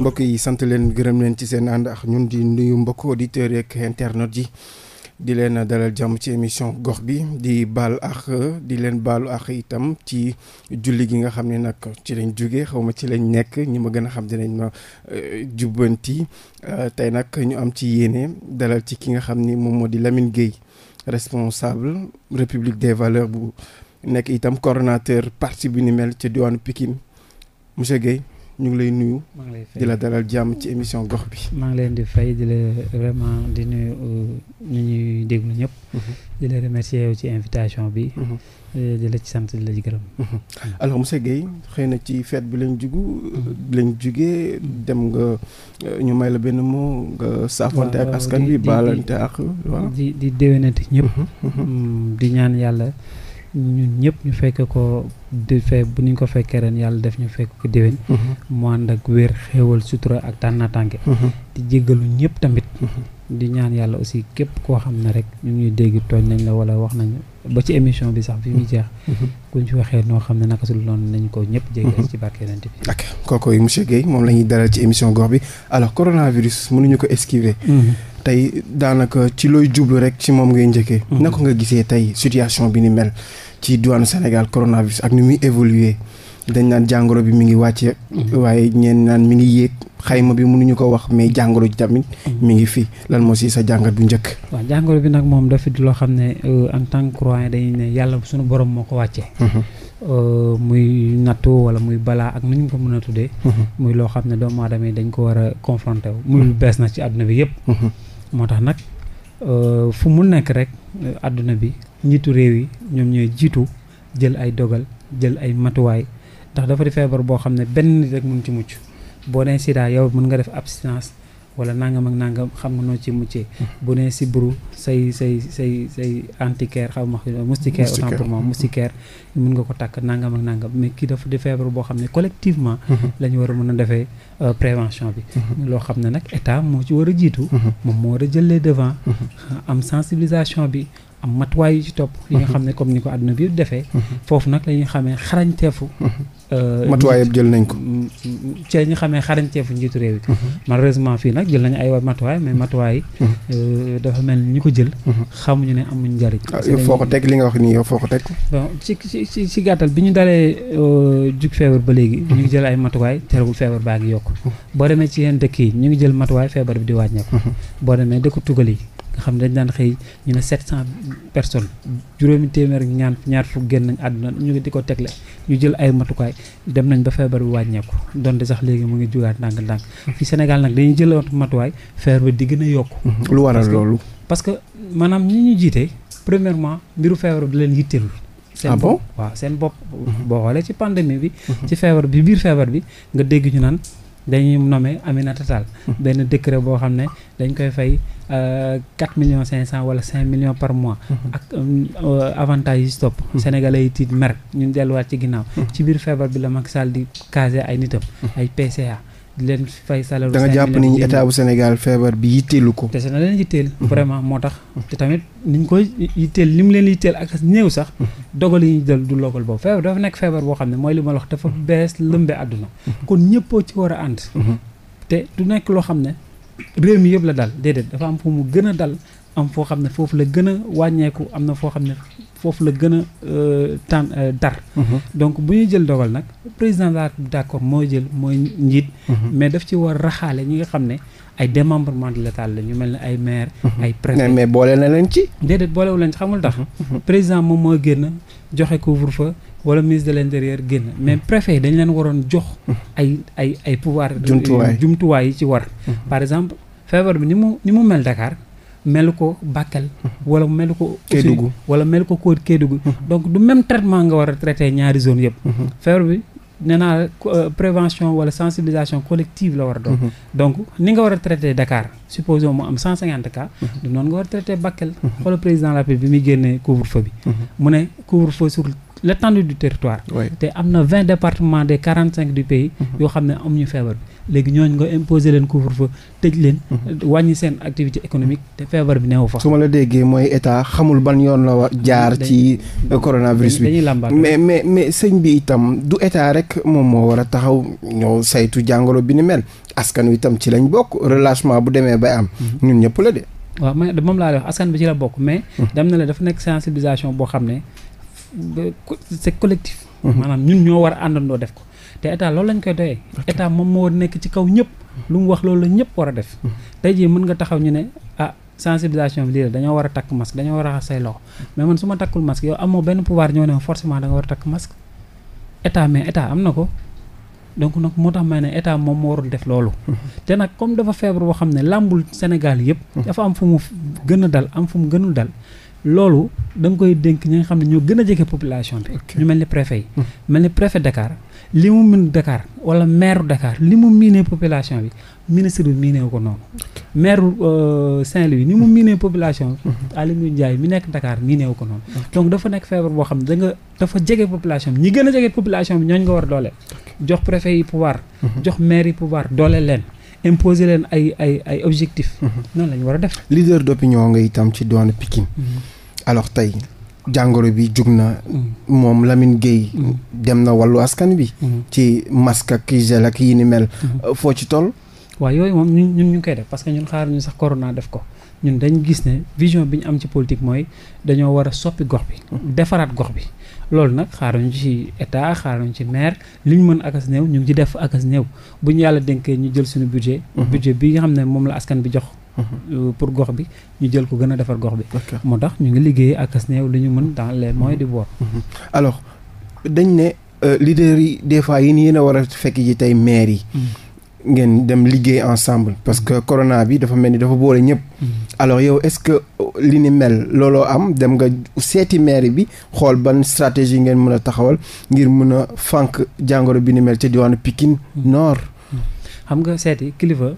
mbokk yi sant leen gërëm leen ci seen ànd ak ñun di nuyu mbokk auditeurs yeeg internet yi di leen dalal jàmm ci émission gox bi di bal ak di leen baalu ak itam ci julli gi nga xam ne nag ci lañ jóge xaw ma ci lañ nekk ñi ma gën a xam dinañ ma euh, jubbanti euh, tey nag ñu am ci yéene dalal ci ki nga xam ni moom moo di Lamine Gueye responsable République des valeurs bu nekk itam coordonnateur parti bu ni mel ca diwaanu Pikine monsieur Gueye ñu ngi lay nuyu. maa ngi lay di la dalal jàmm ci émission gox bi. maa ngi leen di fay di la vraiment di nuyu euh, ñu ñuy déglu ñëpp. Mm-hmm. di la remercier yow ci invitation bi. Mm-hmm. Euh, di la ci sant di la ci gërëm. Mm-hmm. alors monsieur Guèye xëy na ci fête bi lañ jugu. lañ jugee dem nga euh, ñu may la benn mot nga saafante ak askan bi baalante ak. di di déwénati mm, di ñaan yàlla. ñun ñëpp ñu fekk ko di fee bu ñu ko fekkee ren yàlla def ñu fekk ko déwén mm-hmm. mu ànd ak wér xéewal sutura ak tànnaatànke mm-hmm. di jéggalu ñëpp tamit mm-hmm. di ñaan yàlla aussi képp koo xam ne rek ñu dégg tooñ nañ la wax nañ ba ci émission bi sax bi muy jeex kuñ ci waxee noo xam ne naka sul noonu nañ ko ñëpp jéggal ci barke yonent bi ok kooku monsieur Guèye moom la ñuy dalal ci émission gox bi alors coronavirus mënuñu ko esquiver tey daanaka ci looy jublu rek ci ci diwaanu Sénégal coronavirus ak ni muy évoluer dañ naan jàngoro bi mu ngi wàcce mhm. waaye ñeen naan mi ngi yéeg xayma bi mënuñu ko wax mais jàngoro ji tamit mhm. mi ngi fi lan moo si sa jàngat bu njëkk waaw jàngoro bi nag moom dafa di loo xam ne euh, en tant que croyant dañuy ne yàlla suñu borom moo ko wàccee mhm. euh, muy nattu wala muy balaa ak nu ñu ko mën a tuddee muy loo xam ne doomu aadama yi dañ ko war a confronté muy lu bees na ci àdduna bi yëpp moo tax nag Euh, fu mu nekk rek àdduna bi njiitu réew yi ñoom ñooy jiitu jël ay dogal jël ay matuwaay ndax dafa di feebar boo xam ne benn nit rek mun ci mucc boo nee sida yow mën nga def abstinence wala nangam ak nangam xam nga noo ci muccee mhm. bu ne sibru say say say say antiquaire xaw ma moustiquaire autant pour moi mhm. moustiquaire mun nga ko takk nangam ak nangam mais kii dafa di feebar boo xam ne collectivement mhm. la ñu war a mën a defee euh, prévention bi loo xam ne nag état moo ci war a jiitu moom moo war a jëlee devant am sensibilisation bi am matuwaay yu ci topp yi nga xam ne comme ni ko àdduna bi defee foofu nag la ñuy xamee xarañteefu Euh, matuwaay yëpp jël nañ ko. ci la ñu xamee xarañteefu njiitu réew yi. Mhm. malheureusement fii nag jël nañu ay matuwaay mais matuwaay yi. Mhm. Euh, dafa mel ni ko jël. Mhm. xamuñu ne amuñ njariñ. Ah, yow foo ko teg li nga wax nii yow foo ko teg. bon ci ci gàttal bi ñu dalee euh, jug feebar ba léegi. ñu ngi jël ay matuwaay terewul feebar baa ngi yokk. boo demee ci yenn dëkk yi ñu ngi jël matuwaay feebar bi di wàññeeku. boo demee dëkku tugal yi nga xam ne dañ daan xëy ñu ne 700 personnes juróomi téeméer ñaar fukk génn àdduna ñu ngi di ko tegle ñu jël ay matukaay dem nañ ba feebar bi wàññeeku donte sax léegi mu ngi jugaat ndànk-ndànk mm-hmm. fi Sénégal nag dañuy jël matuwaay feebar bi di gën a yokk mm-hmm. lu waral loolu parce que maanaam ñi ñu jiite premièrement mbiru feebar bi leen yitteelul seen ah bopp waaw seen bopp mm-hmm. boo xoolee ci pandémie bi ci feebar bi biir feebar bi nga dégg ñu naan dañuy nommé Aminata Tall hmm. benn décret boo xam ne dañ koy fay euh, quatre million cinq cent wala cinq millions par mois hmm. ak euh, euh, avantage yi stop hmm. sénégalais yi tiit mer ñun delluwaat ci ginnaaw ci biir feebar bi la mag Sall di casé ay nitam ay PCA di leen fay salaire. da nga jàpp ni état bu Sénégal feebar bi yitteelu ko. te na leen yitteel. Mm-hmm. vraiment moo tax. te tamit ni ñu koy yitteel li mu leen yitteel ak néew sax. Mm-hmm. dogal yi ñu jël du logal boobu feebar dafa nekk feebar boo xam ne mooy li ma la wax dafa mm-hmm. bees lëmbee àdduna. kon ñëppoo ci war a ànd. te du nekk loo xam ne réew mi yëpp la dal déedéet dafa am fu mu gën a dal am foo xam ne foofu la gën a wàññeeku am na foo xam ne. foofu la gën a euh, euh, dar mhm. donc bu ñuy jël dogal nag président de la République d'accord mooy jël mooy njiit mhm. mais daf ci war raxaale ñi nga xam ne ay démembrement de l'état la ñu mel ne ay maire mhm. ay préfet mais boole na leen ci déedéet boolewu leen ci xamul tax président moom moo génn joxe couvre-feu wala ministre de l'intérieur génn mais préfet dañ leen waroon jox ay ay ay pouvoir euh, jumtuwaay yi ci war par exemple feebar bi ni mu ni mu mel Dakar melu ko Bakel mhm. wala melu ko Kédougou wala melu ko kóor Kédougou mhm. donc du même traitement nga war a traité ñaari zone yëpp mhm. feebar bi nee naa euh, prévention wala sensibilisation collective la war a doon donc ni nga war a traité Dakar supposons mu am cent cinquante cas du noonu nga war a traité Bakel xoola président la bi muy génnee couvre feu bi mu ne couvre feu sur l'étendue du territoire te am na vingt départements de quarante cinq du pays mhm. yoo xam ne amuñu feebar bi léegi ñooñu nga imposer leen couvre-feu tëj leen mhm. wàññi seen activité économique te feebar bi neewu fa su ma la déggee mooy état xamul ban yoon la jaar ci coronavirus bi mais mais mais sëñ bi itam du état rek moom moo war a taxaw ñoo saytu jàngoro bi ni mel askan wi itam ci lañ bokk relâchement bu demee bay am mhm. ñun ñëpp la de waaw moom laa lay askan bi ci la bokk mais dem na la dafa nekk sensibilisation boo xam ne c'est collectif. Mhm. ñun ñoo war a àndandoo def ko te état loolu lañ koy doyee. état moom moo nekk ci kaw ñëpp. lu mu wax loolu la ñëpp war a def. Mhm. tey jii mën nga taxaw ñu ne ah sensibilisation bi lii dañoo war a takk masque dañoo war a raxas say loxo mais man su ma takkul masque yow amoo benn pouvoir ñoo ne forcément da war a takk masque état mais état am na ko. donc nag moo tax ma ne état moom moo warul def loolu. Mhm. te nag comme dafa feebar boo xam ne làmbul Sénégal yëpp. dafa am fu mu gën a dal am fu mu gënul dal. loolu danga koy dénk ñi nga xam ne ñoo gën a jege population bi. ñu mel ni préfet yi. Hmm. mel ni préfet Dakar li mu mën dakaar wala maire Dakar li mu miinee population bi ministre bi miineewu ko noonu. maire euh, Saint-Louis ni mu hmm. miinee population bi. Hmm. Alioune Ndiaye mi nekk Dakar miineewu ko noonu. donc dafa nekk feebar boo xam ne da nga dafa jege population bi ñi gën a jege population bi ñooñ nga war doole. jox préfet yi pouvoir. jox maire yi pouvoir doole leen. imposer leen ay ay ay objectifs. noonu lañu war a def. leader d'opinion nga itam ci doon Pikine. alors tey jàngoro bi jug na mm-hmm. moom Lamine Gueye mm-hmm. dem na wàllu askan bi mm-hmm. ci masque ak gel ak yi ni mel foo ci toll waaw yooyu moom ñun ñun ñu koy def parce que ñun xaar ñu sax corona def ko ñun dañ gis ne vision bi ñu am ci politique mooy dañoo war a soppi gox bi defaraat gox bi loolu nag xaaruñu ci état xaaruñu ci maire li ñu mën akas néew ñu ngi ci def akas néew bu ñu yàlla dénkee ñu jël suñu budget budget bi nga xam ne moom la askan bi jox Euh, pour gox bi ñu jël ko gën a defar gox bi moo tax ñu ngi liggéey ak as néew li ñu mën dans les mhm. moyens du bord mhm. alors dañ ne euh, leader yi des fois yi ni a war a fekk ji tey maire yi mhm. ngeen dem liggéey ensemble parce que corona bi dafa mel ni dafa boole ñëpp alors yow est-ce que euh, li ni mel looloo am dem nga seeti maire bi xool ban stratégie ngeen mën a taxawal ngir mën a fànq jàngoro bi ni mel ca diwaanu Pikine Nord xam nga seeti kilifa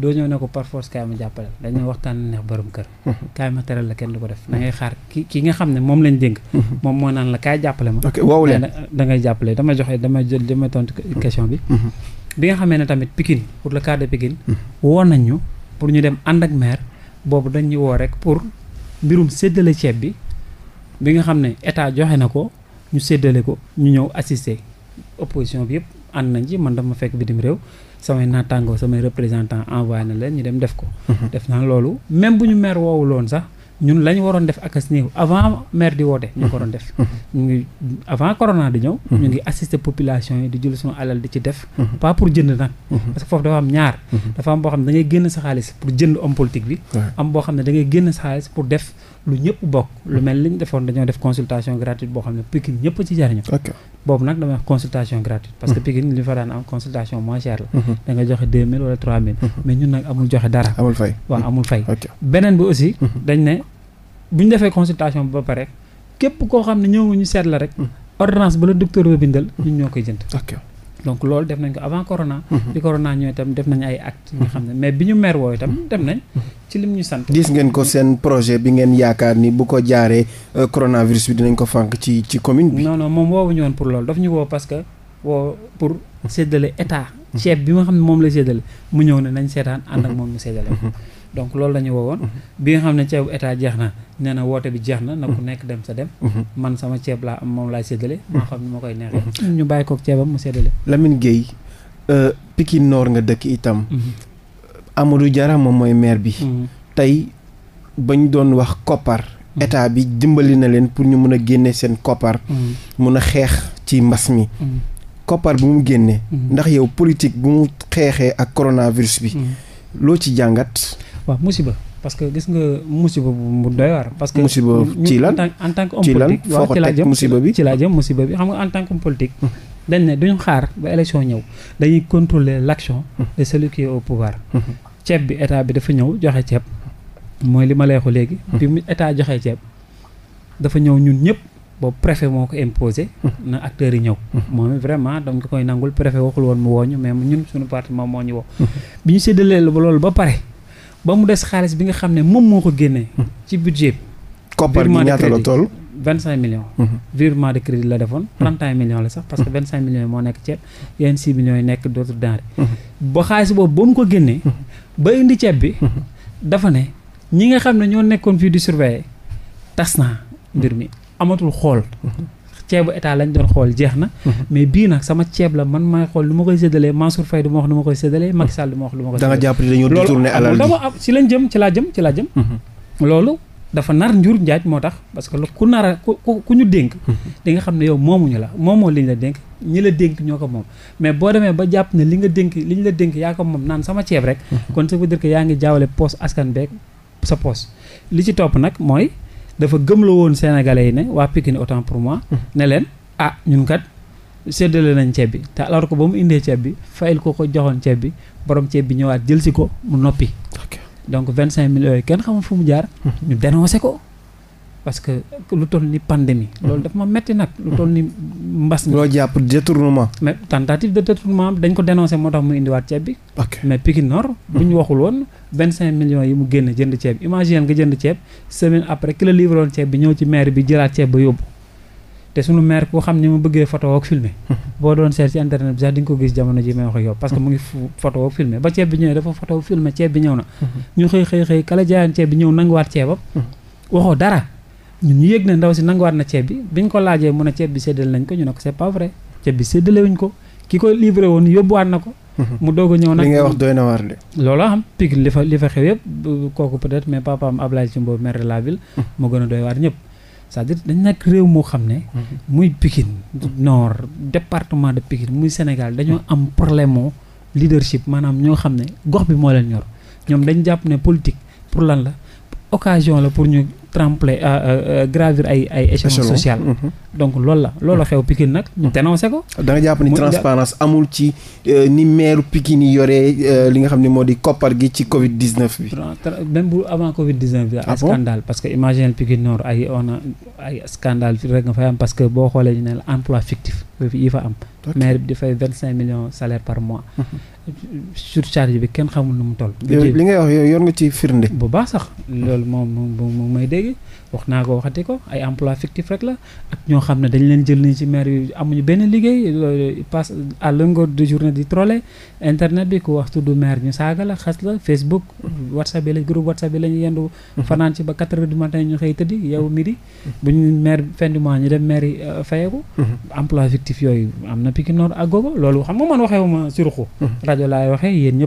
doo ñëw ne ko par force kaay ma jàppale dañoo waxtaan na neex borom kër kaay ma teral la kenn du ko def da ngay xaar ki ki nga xam ne moom lañ dénk moom moo naan la kaay jàppale ma dangay leen da ngay jàppale dama joxe dama jël dama tontu question bi mm-hmm. bi nga xamee ne tamit Pikine pour le cas de Pikine mm-hmm. woo ñu pour ñu dem ànd ak maire boobu dañ woo rek pour mbirum séddale ceeb bi bi nga xam ne état joxe na ko ñu séddale ko ñu ñëw assister opposition bi yëpp ànd nañ ci man dama fekk bitim réew samay naataangoo samay représentant envoyé na leen ñu dem def ko. Mhm. def naa loolu même bu ñu maire woowu loon sax ñun la ñu waroon def ak a néew avant maire di woote. ñu ko doon def. Mhm. ñu ngi avant corona di ñëw. Mhm. yi di jël suñu alal di ci def. pas pour jënd nag. parce foofu dafa am ñaar. dafa am boo xam ne da génn sa xaalis pour jënd homme politique bi. am boo xam ne da génn sa xaalis pour def. lu ñëpp bokk lu mel li ñu defoon dañoo def consultation gratuite boo xam ne Pikine ñëpp ci jariñu boobu nag damay wax consultation gratuite parce que mmh. Pikine li fa daan am consultation moins chère la mmh. da nga joxe deux mille wala trois mille mmh. mais ñun nag amul joxe dara amul fay waaw amul fay beneen bi aussi dañ ne bu ñu defee consultation bi ba pare képp koo xam ne ñëw ñu seet la rek ordonnance ba la docteur ba bindal ñun ñoo koy jënd donc loolu def nañ ko avant corona. Mhm. bi corona ñëw itam def nañ ay actes. nga xam ne mais bi ñu mer woo itam mhm. dem nañ. Mhm. ci lim ñu sant. gis ngeen ko seen projet bi ngeen yaakaar ni bu ko jaaree euh, coronavirus bi dinañ ko fànq ci ci commune bi. non non moom woowuñu woon pour loolu daf ñu woo parce que pour séddale état. ceeb bi nga xam ne moom la séddale mu ñëw ne nañ seetaan ànd ak mhm. moom ñu séddale mhm. donc loolu la ñu woowoon mhm. bi nga xam ne ceebu état jeex na nee na woote bi jeex na na ku nekk dem sa dem man sama ceeb laa am moom laay séddale moo xam ne moo koy neexee ñu bàyyi kook ceebam mu séddale Lamine Gueye euh, Pikine Nord nga dëkk itam Amadou Diarra moom mooy maire bi tey bañ doon wax koppar état bi dimbali na leen pour ñu mën a génne seen koppar mun a xeex ci mbas mi koppar bu mu génnee. Mm-hmm. ndax yow politique bu mu xeexee ak coronavirus bi. Mm-hmm. loo ci jàngat. waaw musiba parce que gis nga musiba bu doy waar. parce que musiba ci lan en tant que homme politique foo ko teg musiba bi ci laa que homme politique. dañ ne duñu xaar ba élection ñëw dañuy contrôler l'action mm. de celui qui au pouvoir. Mm-hmm. ceeb bi état bi dafa ñëw joxe ceeb. mooy li ma leexu léegi. Mm. bi mu état joxe ceeb. dafa ñëw ñun ñëpp. boobu préfet moo ko imposé. na acteurs yi ñëw. moom vraiment donc koy nangul préfet waxul woon mu wooñu mais ñun suñu parti moom moo ñu woo. bi ñu séddalee loolu ba pare ba mu des xaalis bi nga xam ne moom moo ko génnee. ci budget bi. koppar gi ñaata la toll vingt cinq millions virement de millions vingt cinq millions yi moo nekk ceeb yeneen six millions yi nekk d'autres denrées ba xaalis boobu ba mu ko génnee ba indi ceeb bi dafa ne ñi nga xam ne ñoo nekkoon amatul xool ceebu état lañ doon xool jeex na mais bii nag sama ceeb la man maay xool lu ma koy séddalee Mansour Faye du ma wax lu ma koy séddalee Macky Sall du ma wax lu ma koy da nga jàpp ni dañoo détourné alal dama am ci lañ ci laa mhm. loolu dafa nar njur njaaj moo tax parce que ku nar a ku ku ñu dénk mhm. di nga xam ne yow moomuñu la moomoo liñ la dénk ñi la dénk ñoo ko moom mais boo demee ba jàpp ne li nga dénk li ñu la dénk yaa ko moom naan sama ceeb rek mhm. kon ça veut dire que yaa ngi jaawale poos askan beeg sa poos li ci topp nag mooy dafa gëm gëmloo woon sénégalais yi ne waa Pikine autant pour moi. Mm-hmm. ne leen ah ñun kat séddale nañ ceeb bi te alors que ba mu indee ceeb bi fayil ko ko joxoon ceeb bi borom ceeb bi ñëwaat jël si ko mu noppi. donc vingt cinq mille yooyu kenn xamul fu mu jaar. Mm-hmm. ñu dénoncé ko. parce que lu toll ni pandémie loolu dafa ma metti nag lu toll ni mbas mi. loo jàpp détournement. mais tentative de détournement dañ ko dénoncé moo tax mu indiwaat ceeb bi. mais Pikine Nord. bu ñu waxul jënd ceeb imagine nga jënd ceeb semaine après ki la livré woon ceeb bi ñëw ci maire bi jëlaat ceeb ba yóbbu. te sunu maire ku xam ni mu bëggee photo ak filmer boo doon seet ci internet bi sax di nga ko gis jamono ji may wax yow parce mu ngi photo ak filmer ba ceeb bi ñëwee dafa photo filmer ceeb bi ñëw na. ñu xëy xëy xëy kala ceeb bi ñëw ñun ñu yëg ne ndaw si nanguwaat na ceeb bi biñ ko laajee mu ne ceeb bi séddale nañ ko ñu ne ko c'est pas vrai ceeb bi séddale wuñ ko ki ko livré woon yóbbuwaat na ko. Mhm. mu doog a ñëw nag li ngay wax doy na waar de. looloo xam Pikine li fa li fa xew yëpp kooku peut-être mais papaam Ablaye Thimbo maire de la ville. Mhm. moo gën a doy waar ñëpp. cest dire dañ nekk réew moo xam ne. Mhm. muy Pikine nord département de Pikine muy Sénégal dañoo am problème moo leadership maanaam ñoo xam ne bi moo leen ñor ñoom dañ jàpp ne politique pour lan la occasion la pour tremplin euh, euh, euh, gravir ay ay échelon social mhm. donc loolu la loolu la xew Pikine nag ñu mhm. dénoncé ko da jàpp ni transparence amul ci ni maire Pikine yi li nga xam ne moo di koppar gi ci Covid 19 bi même bu avant Covid 19 bi ah ay scandale parce que imagine Pikine Nord ay on a ay scandale rek nga fay am parce que boo xoolee ñu ne fictif yi fa am maire bi di fay vingt cinq millions salaire par mois mhm. surcharge bi kenn xamul nu mu toll li léegi wax naa ko waxati ko ay emploi fictif rek la ak ñoo xam ne dañ leen jël ni ci maire yi amuñu benn liggéey passe à longueur de journée di troller internet bi ku wax tudd maire ñu saaga la xas la Facebook WhatsApp yi la groupe WhatsApp yi la yendu mhm. fanaan ci ba 4 heures du matin ñu xëy tëddi yow mhm. midi bu ñu maire fin du mois ñu dem maire yi euh, fayeku mhm. emploi fictif yooyu am na Pikine Nord loolu xam nga man waxewuma surxu rajo laay waxee yéen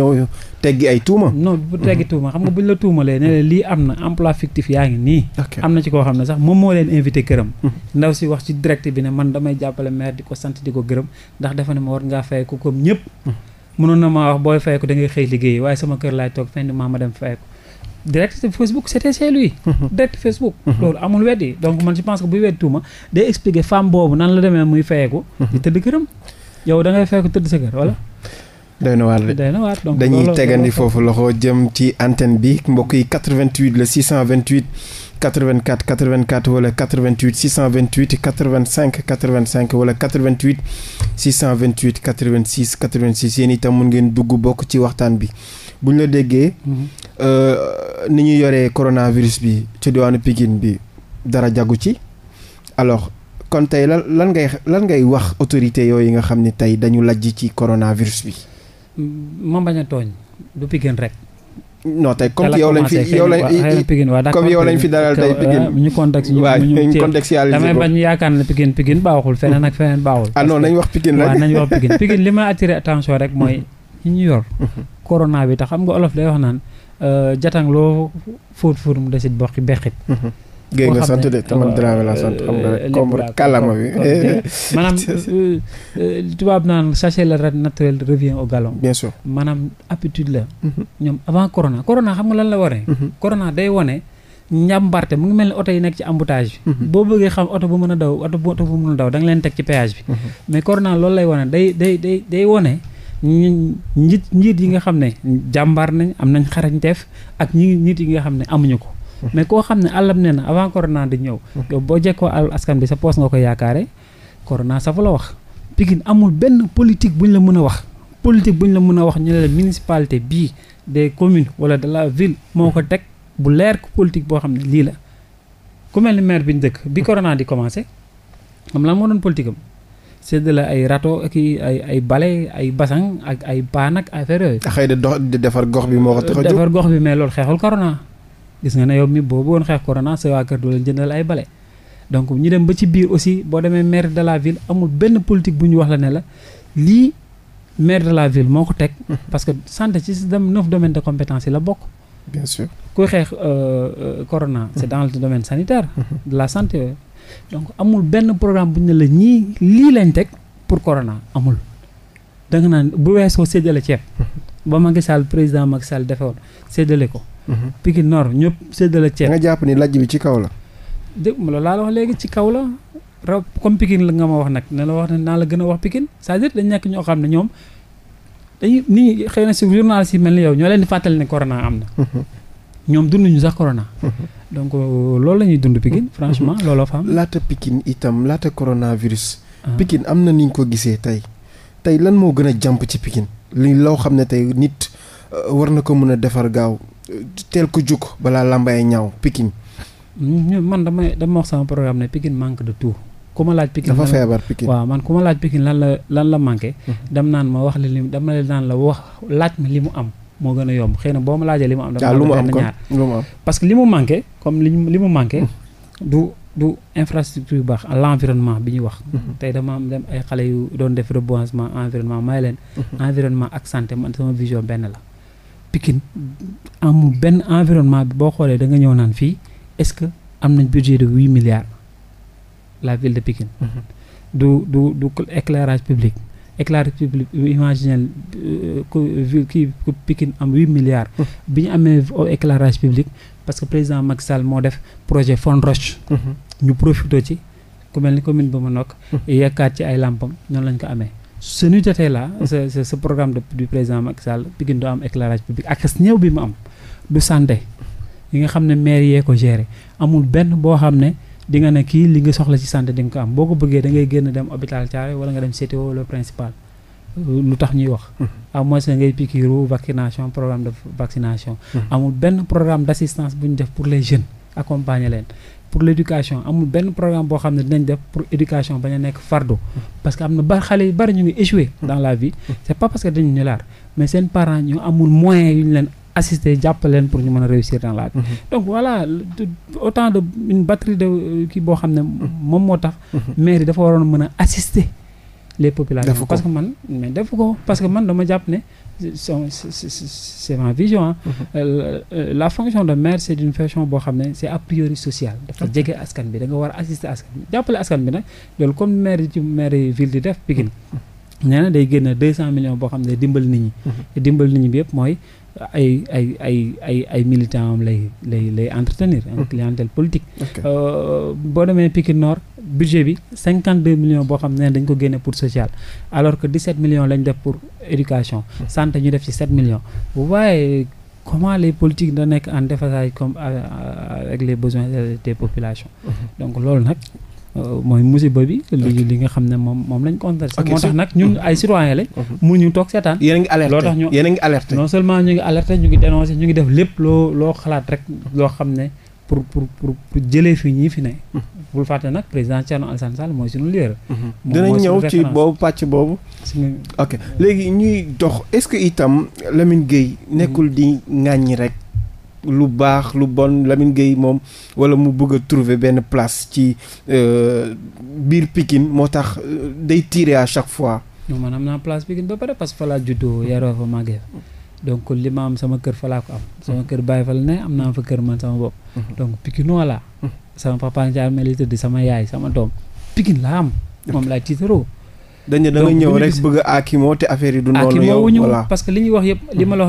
a teggi ay tuuma. no bu teggi tuuma xam nga buñ la tuumalee ne la lii am na emploi fictif yaa ngi nii. am na ci koo xam ne sax moom moo leen invité këram. Hmm. ndaw si wax ci direct bi ne man damay jàppale maire di ko sant di ko gërëm ndax dafa ne ma war ngaa fay ko comme ñëpp. Hmm. mënoon na maa wax booy fay ko da ngay xëy liggéey waaye sama kër laay toog fin de mois ma dem fay ko direct Facebook c'était chez lui hmm. direct Facebook loolu amul weddi donc man si pense que buy weddi tuuma day expliquer femme boobu nan la demee muy fayeeku di tëdd këram yow da ngay fayeeku tëdd sa kër doy na waar doy na waar donc dañuy tegandi foofu loxo jëm ci antenne bi mbokk yi 88 le 628 84 84 wala 88 628 85 85 wala 88 628 86 86 yéen itam mun ngeen dugg bokk ci waxtaan bi bu ñu la déggee. Mhm. Euh, ni ñu yoree coronavirus bi ci diwaanu Pikine bi dara jagu ci alors. kon tey lan lan ngay ngay wax autorité yooyu nga xam ni tey dañu lajj ci coronavirus bi ma bañ a tooñ du Pikine rek. non tey comme yow lañ fi yow lañ Pikine waa comme yow lañ fi dalal tey Pikine ñu contexte ñu ñu damay bañ yaakaar ne Pikine Pikine baaxul feneen ak feneen baaxul. ah nañ wax Pikine rek li ma attiré attention rek mooy ñi ñu yor. Mhm. corona bi tax xam nga olof day wax naan euh, jatang loo fóot fóotum desit bokki bexit mhm. géey nga sant de taman Dramé la sant euh, xam nga rek comme kàllaama bi maanaam euh, euh, tubaab naan sachez la rat naturel revient au galon bien sûr maanaam aptitude la mhm. ñoom avant corona corona xam nga lan la waree mhm. corona day wone njàmbarte mu ngi mel ni oto yi nekk ci embouteillage bi mhm. boo bëggee xam oto bu mën a daw oto bu oto bu a daw danga leen teg ci péage bi mais corona loolu lay wone day day day day wone njiit njiit yi nga xam ne jàmbaar nañ am nañ def ak ñi njiit yi nga xam ne amuñu ko mais koo xam ne àllam ne na avant corona di ñëw. yow boo jekkoo alal askan bi sa poos nga ko yaakaare corona safu la wax. Pikine amul benn politique bu ñu la mën a wax politique bu ñu la mën a wax ñu ne la municipalité bii des commune wala de la ville moo ko teg bu leer ko politique boo xam ne lii la. ku mel ni maire bi ñu dëkk bi corona di commencé xam lan moo doon politique am séddale ay rato ak ay ay bale ay basang ak ay paan ak affaire yooyu. Ah, xëy na dox defar gox bi moo ko gox bi mais loolu xeexul corona. gis nga ne yow mi boo bëggoon xeex corona sa waa kër doo leen jëndal ay bale donc ñu dem ba ci biir aussi boo demee maire de la ville amul benn politique bu ñu wax la ne la lii maire de la ville moo ko teg parce que santé ci système neuf domaines de compétence yi la bokk bien xeex euh, euh, corona c'est mm-hmm. dans le domaine sanitaire mm-hmm. de la santé donc amul benn programme bu ñu ne la ñii lii lañ teg pour corona amul da nga naan bu weesoo séddale ceeb ba Macky Sall président Macky Sall defewoon séddale ko. Mhm. Pikine Nord ñëpp séddale ceeb. nga jàpp ni lajj bi ci kaw la. dégg la laa la wax léegi ci kaw la raw comme Pikine la nga ma wax nag ne la wax ne naa la gën a wax Pikine cest à dañ nekk ñoo xam ne ñoom dañuy nii xëy na si journaliste yi mel ni yow ñoo leen di fàttali ne corona am na. Mhm. ñoom dunduñu sax corona. Mhm. donc euh, loolu la ñuy dund Pikine franchement looloo fa am. laata Pikine itam laata coronavirus. Ah. Pikine am na ni ñu ko gisee tey. tey lan moo gën a jàmp ci Pikine li loo xam ne tey nit euh, war na ko mën a defar gaaw euh, teel ko jug balaa làmbaay ñaaw Pikine. man damay dama wax sama programme ne Pikine manque de tout. ku ma laaj Pikine dafa feebar Pikine waaw man ku ma laaj Pikine lan la lan la manqué. Mhm. dem naan ma wax li li dama la naan la wax laaj ma li mu am moo gën a yomb xëy na boo ma laajee li mu am. dama ah, la ñaar lu mu am parce que li mu manqué comme li mu li mu mhm. du. du infrastructure yu baax l'environnement bi ñu wax mhm. tey dama am dem ay xale yu doon def reboisement environnement may leen mhm. environnement ak santé man sama vision benn la Pikine amul benn environnement bi boo xoolee da nga ñëw naan fii est-ce que am na budget de huit milliards la ville de Pikine mhm. du du du éclairage public éclairage public imaginer ku euh, euh, ville kii Pikine am huit milliards bi ñu amee éclairage public parce que président Macky Sall moo def projet Fond Roche. Mhm. ñu profité ci ku mel ni commune ba ma nokk mhm. yekkaat ci ay lampam ñoonu lañ ko amee su ñu jotee là mhm. ce ce programme de du président Macky Sall Pikine du am éclairage public ak néew bi mu am du santé yi nga xam ne maire yee ko géré amul benn boo xam ne di nga ne kii li nga soxla ci santé di nga ko am boo ko bëggee da ngay génn dem hôpital Thiaroye wala nga dem CTO wala principal lu tax ñuy wax mm-hmm. à moins que ngay piqûre vaccination programme de vaccination mm-hmm. amul benn programme d'assistance bu ñu def pour les jeunes accompagner leen pour l'éducation amul benn programme boo xam ne dinañ def pour éducation bañ a nekk fardeau mm-hmm. parce que am na ba xale yu bari ñu ngi échoué dans la vie c'est pas parce que dañu ñu laar mais seen parent ñu amul moyen yu ñu leen assister jàppale leen pour ñu mën a réussir dans la vie donc voilà autant de une euh, kii boo xam ne moom moo tax maire dafa waroon mën a assister les populations parce que man mais def ko parce que man dama jàpp ne son c'est ma vision ah la fonction de maire c'est une boo xam ne c'est a priori sociale dafa jege askan bi da nga war a assister askan bi jàppale askan bi nag loolu comme maire ci maire ville di def Pikine mhm. nee na day génn deux cent millions boo xam ne dimbal nit ñi mhm. dimbal nit ñi bi yëpp mooy ay ay ay ay ay militants am lay lay lay entretenir. en hmm. clientèle politique. Euh, boo demee Pikine Nord budget bi cinquante deux millions boo xam ne dañ ko génne pour social alors que dix sept millions lañu def pour éducation. Hmm. santé ñu def ci sept millions. waaye comment les politiques da nekk en déphasage comme euh, euh, avec les besoins des populations. Hmm. donc loolu nag. Euh, mooy musiba bi. li li nga xam ne moom moom lañ conversé. moo tax nag ñun ay citoyen lañ. Mhm. mu ñu toog seetaan. yéen a ngi alerté a ngi alerté. non seulement ñu ngi alerté ñu ngi def lépp loo loo xalaat rek loo xam ne pour pour pour jëlee fi ñi fi ne. Mhm. bul fàtte nag président Thierno Alassane Sall mooy suñu leader. Mhm. dinañ ñëw ci boobu pàcc boobu. ok léegi ñuy dox est-ce que itam Lamine nekkul di ŋàññi rek. lu baax lu bon Lamine Gueye moom wala mu bëgg a trouver benn place ci euh, biir Pikine moo tax euh, day tirer à chaque fois. non man am naa place Pikine ba pare parce que fa laa juddoo yaroo fa màggee donc li ma am sama kër fa laa ko am. sama kër bàyyi fa la ne am naa fa kër man sama bopp. Mhm. donc Pikine wala sama papa nga ci armée li tëdd sama yaay sama doom Pikine laa am. moom laa tiitaroo. dañ ne da ñëw rek bëgg a aakimoo te affaire yi du noonu. yow voilà li ñuy wax yëpp li ma la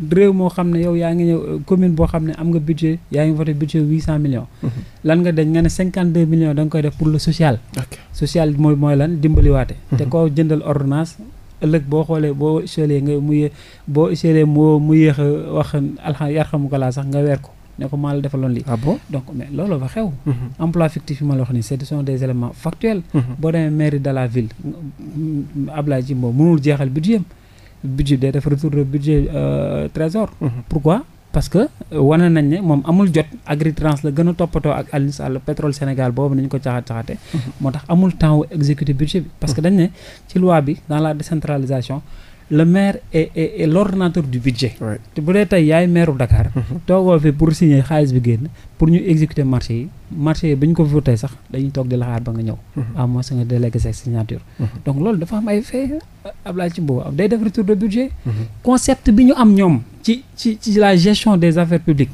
réew moo xam ne yow yaa ngi ñëw euh, commune boo xam ne am nga budget yaa ngi voté budget huit cent millions mhm. lan nga dañ nga ne cinquante deux millions da nga koy def pour le social social mooy mooy lan waate mhm. te koo jëndal ordonnance ëllëg boo xoolee boo échelé nga mu yé boo échelé moo mu yéex a wax alxa yarxamu ko laa sax nga weer ko ne ko maa la defaloon lii. ah bon donc mais loolu fa xew. Mhm. emploi fictif la wax nii ce des éléments factuels. boo demee mairie de la ville Ablaye Jimbo mënul jeexal budget am budget day def retour de budget euh, trésor mhm. pourquoi parce que euh, wane nañ ne moom amul jot Agritrans la gën a toppatoo ak Aliou Sall pétrole Sénégal boobu nañu ko caxat caxate mhm. moo tax amul temps wu exécuter budget bi parce que mhm. dañ ne ci loi bi dans la décentralisation le maire est est, est du budget. te bu dee tey yaay maire Dakar. Mhm. toogoo fi pour signer xaalis bi génn pour ñu exécuter marché yi marché yi ba ñu ko voté sax dañu toog di la xaar ba nga ñëw. Mhm. à moins nga délégué sa signature. Mhm. donc loolu dafa am ay fait euh, Ablaye Thimbo day def retour de budget. concept bi ñu am ñoom ci ci ci la gestion des affaires publiques.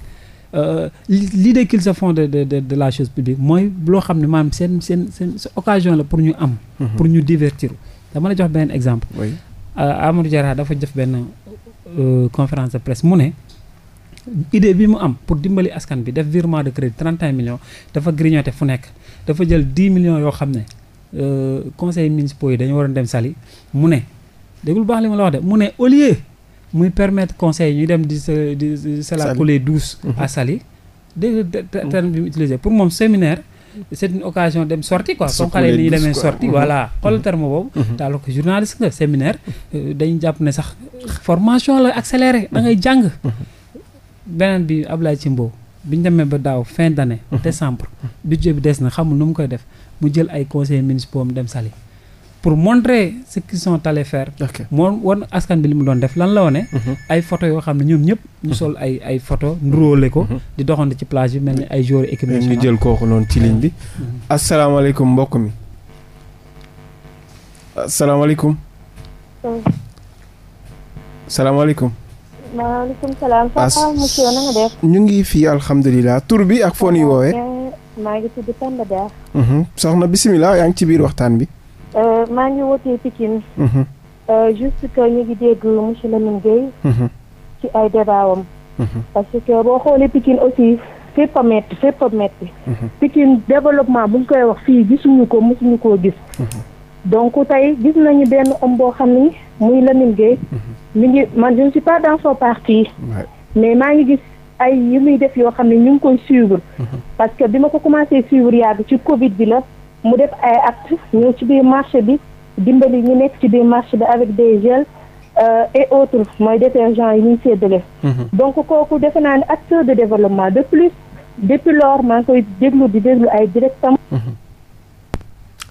Euh, l'idée qu'ils se font de de de la chose publique mooy loo xam ne maanaam seen seen seen occasion la pour ñu am. pour ñu divertir dama la jox benn exemple. Oui. Euh, Amadou Diarra dafa jëf benn euh, conférence de presse mu ne idée bi mu am pour dimbali askan bi def virement de crédit 31 millions dafa grignoté fu nekk dafa jël 10 millions yoo xam ne euh, conseil municipaux yi dañu waroon dem sali mu ne déggul baax li ma la wax de mu ne au lieu muy permettre conseil ñu dem di sa di sa la coulée douce mmh. à Saly dégg terme bi mu utilisé pour moom séminaire c' est une occasion dem sorti quoi comme xale ni ñu demee sorti mhm. voilà xool mhm. terme boobu mhm. daal ko journaliste nga séminaire euh, dañu jàpp ne sax formation la accéléré da ngay jàng beneen bi ab Ablaye Cimbo bi ñu demee ba daaw fin d' année décembre budget bi des na xamul nu mu koy def mu jël ay conseils municipaux mu dem sali pour montrer ce qu'ils sont moom wan askan bi li mu doon def lan la wane. Mhm. ay photo yoo xam ne ñoom ñëpp. ñu sol ay ay photo nduróole ko. Mhm. di doxante ci plage bi mel ni ay joueurs équipe nationale. ñu jël kooku noonu ci ligne bi. Mhm. asalaamaaleykum mbokk mi. asalaamaaleykum. salaamaaleykum. maaleykum salaam. ñu ngi fii alhamdulilah bi ak foo ñuy woowee. soxna bisimilah yaa ngi ci biir waxtaan bi. Euh, maa ngi wootee Pikine. Mhm. Euh, juste que ñu ngi dégg monsieur Lamine Gueye. Mhm. ci ay débaawam. Mhm. parce que boo xoolee Pikine aussi fépp a metti fépp metti. Pikine développement bu ngi koy wax fii gisuñu ko mosuñu koo gis. donc tey gis nañu benn homme boo xam ni muy Lamine Gueye. mi ngi man je ne suis pas dans son parti. mais maa ngi gis ay yu muy def yoo xam ne ñu ngi koy suivre. parce que bi ma ko commencé suivre yàgg ci Covid bi la. mu def ay actes ñëw ci biir marché bi dimbali ñu nekk ci biir marché bi avec des gels euh, et autres mooy détergent yi ñuy séddale. Mhm. donc kooku defe naa ne acteur de développement de plus depuis lors maa ngi koy déglu di déglu ay directam mhm.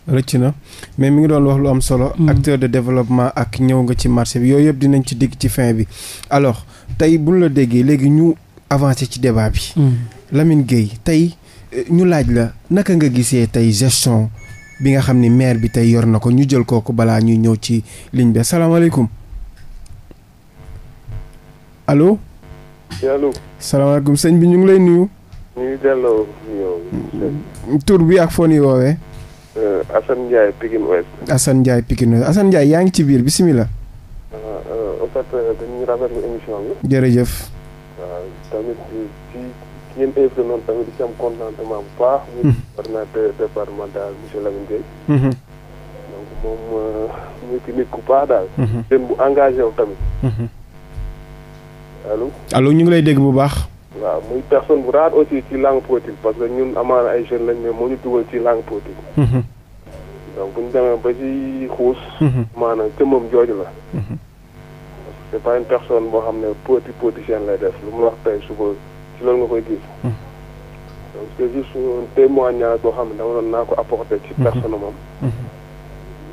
rëcc na mais mu ngi doon wax lu am solo. Mhm. acteur de développement ak ñëw nga ci marché bi yooyu yëpp dinañ ci digg ci fin bi. alors tey buñ la déggee léegi ñu avancé ci débat bi. Lamine Gueye tey. ñu laaj la naka nga gisee tey gestion bi nga xam ni maire bi tey yor na ko ñu jël kooku balaa ñuy ñëw ci ligne bi asalaamaaleykum allo. allo. salaamaaleykum sëñ bi ñu ngi lay nuyu. ñu ngi delloo yow. tur bi ak fon yi woowee. Euh, Assane Ndiaye Pikine Ouest. Assane Ndiaye Pikine Ouest Assane Ndiaye yaa ngi ci biir bisimilah. en euh, euh, fait dañuy rafetlu ngeen invité noonu tamit di ci am contentement bu baax. Hmm. muy coordinateur départemental monsieur hmm. euh, hmm. ñu ngi lay dégg bu baax. waaw muy personne bu rare aussi ci langue politique parce que ñun amaana ay jeunes lañ mais moo ñu dugal ci langue politique. donc ñu demee ba ci xuus. maanaam jëmmam jooju la. parce c'est pas une personne boo xam ne politique politicien lay def lu mu wax tey suba. ci loolu nga koy gis. Hmm. donc c'est juste un xam ne dama naa ko apporter ci hmm. personne moom. Hmm.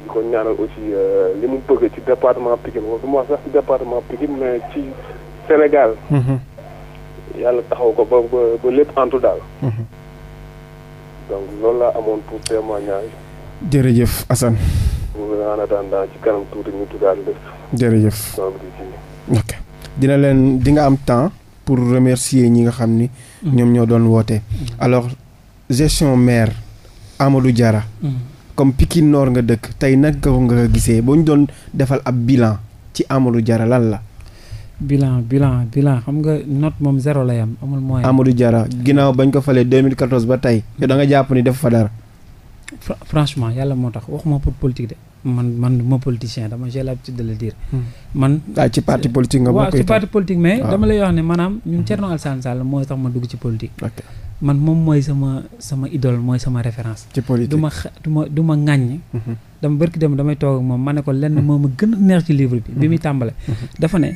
di ko ñaanal aussi euh, li mu bëgg ci département Pikine waxuma sax ci département Pikine mais ci Sénégal. yàlla taxaw ko ba ba ba lépp antu daal. donc loolu laa amoon pour témoignage. jërëjëf Assane. en attendant ci kanam tuuti ñu tuddaal lépp. jërëjëf. ok dina leen di am temps. pour remercier ñi nga xam ni. Mm. ñoom ñoo doon woote. Mm. alors gestion maire Amadou Diarra. Mm. comme Pikine Nord nga dëkk tey nag ko nga gisee boo ñu doon defal ab bilan ci Amadou jara lan la. bilan bilan bilan xam nga note moom zéro lay am amul moyen. Amadou jara ginnaaw bañ ko falee 2014 ba tey. yow da nga jàpp ni def fa dara. franchement yàlla moo tax waxuma pour politique de man man ma politicien dama j'ai l'habitude de le dire. Hmm. man ah ci parti politique nga bokk ci parti politique mais ah. dama lay wax ne maanaam ñun hmm. Thierno Alassane Sall mooy tax ma dugg ci politique. man moom mooy sama sama idole mooy sama référence. ci politique du ma xa du ma du ma ŋàññ. Hmm. dama barki dem damay toog moom ma ne ko lenn moo ma gën a neex ci livre bi. bi muy tàmbale. dafa ne.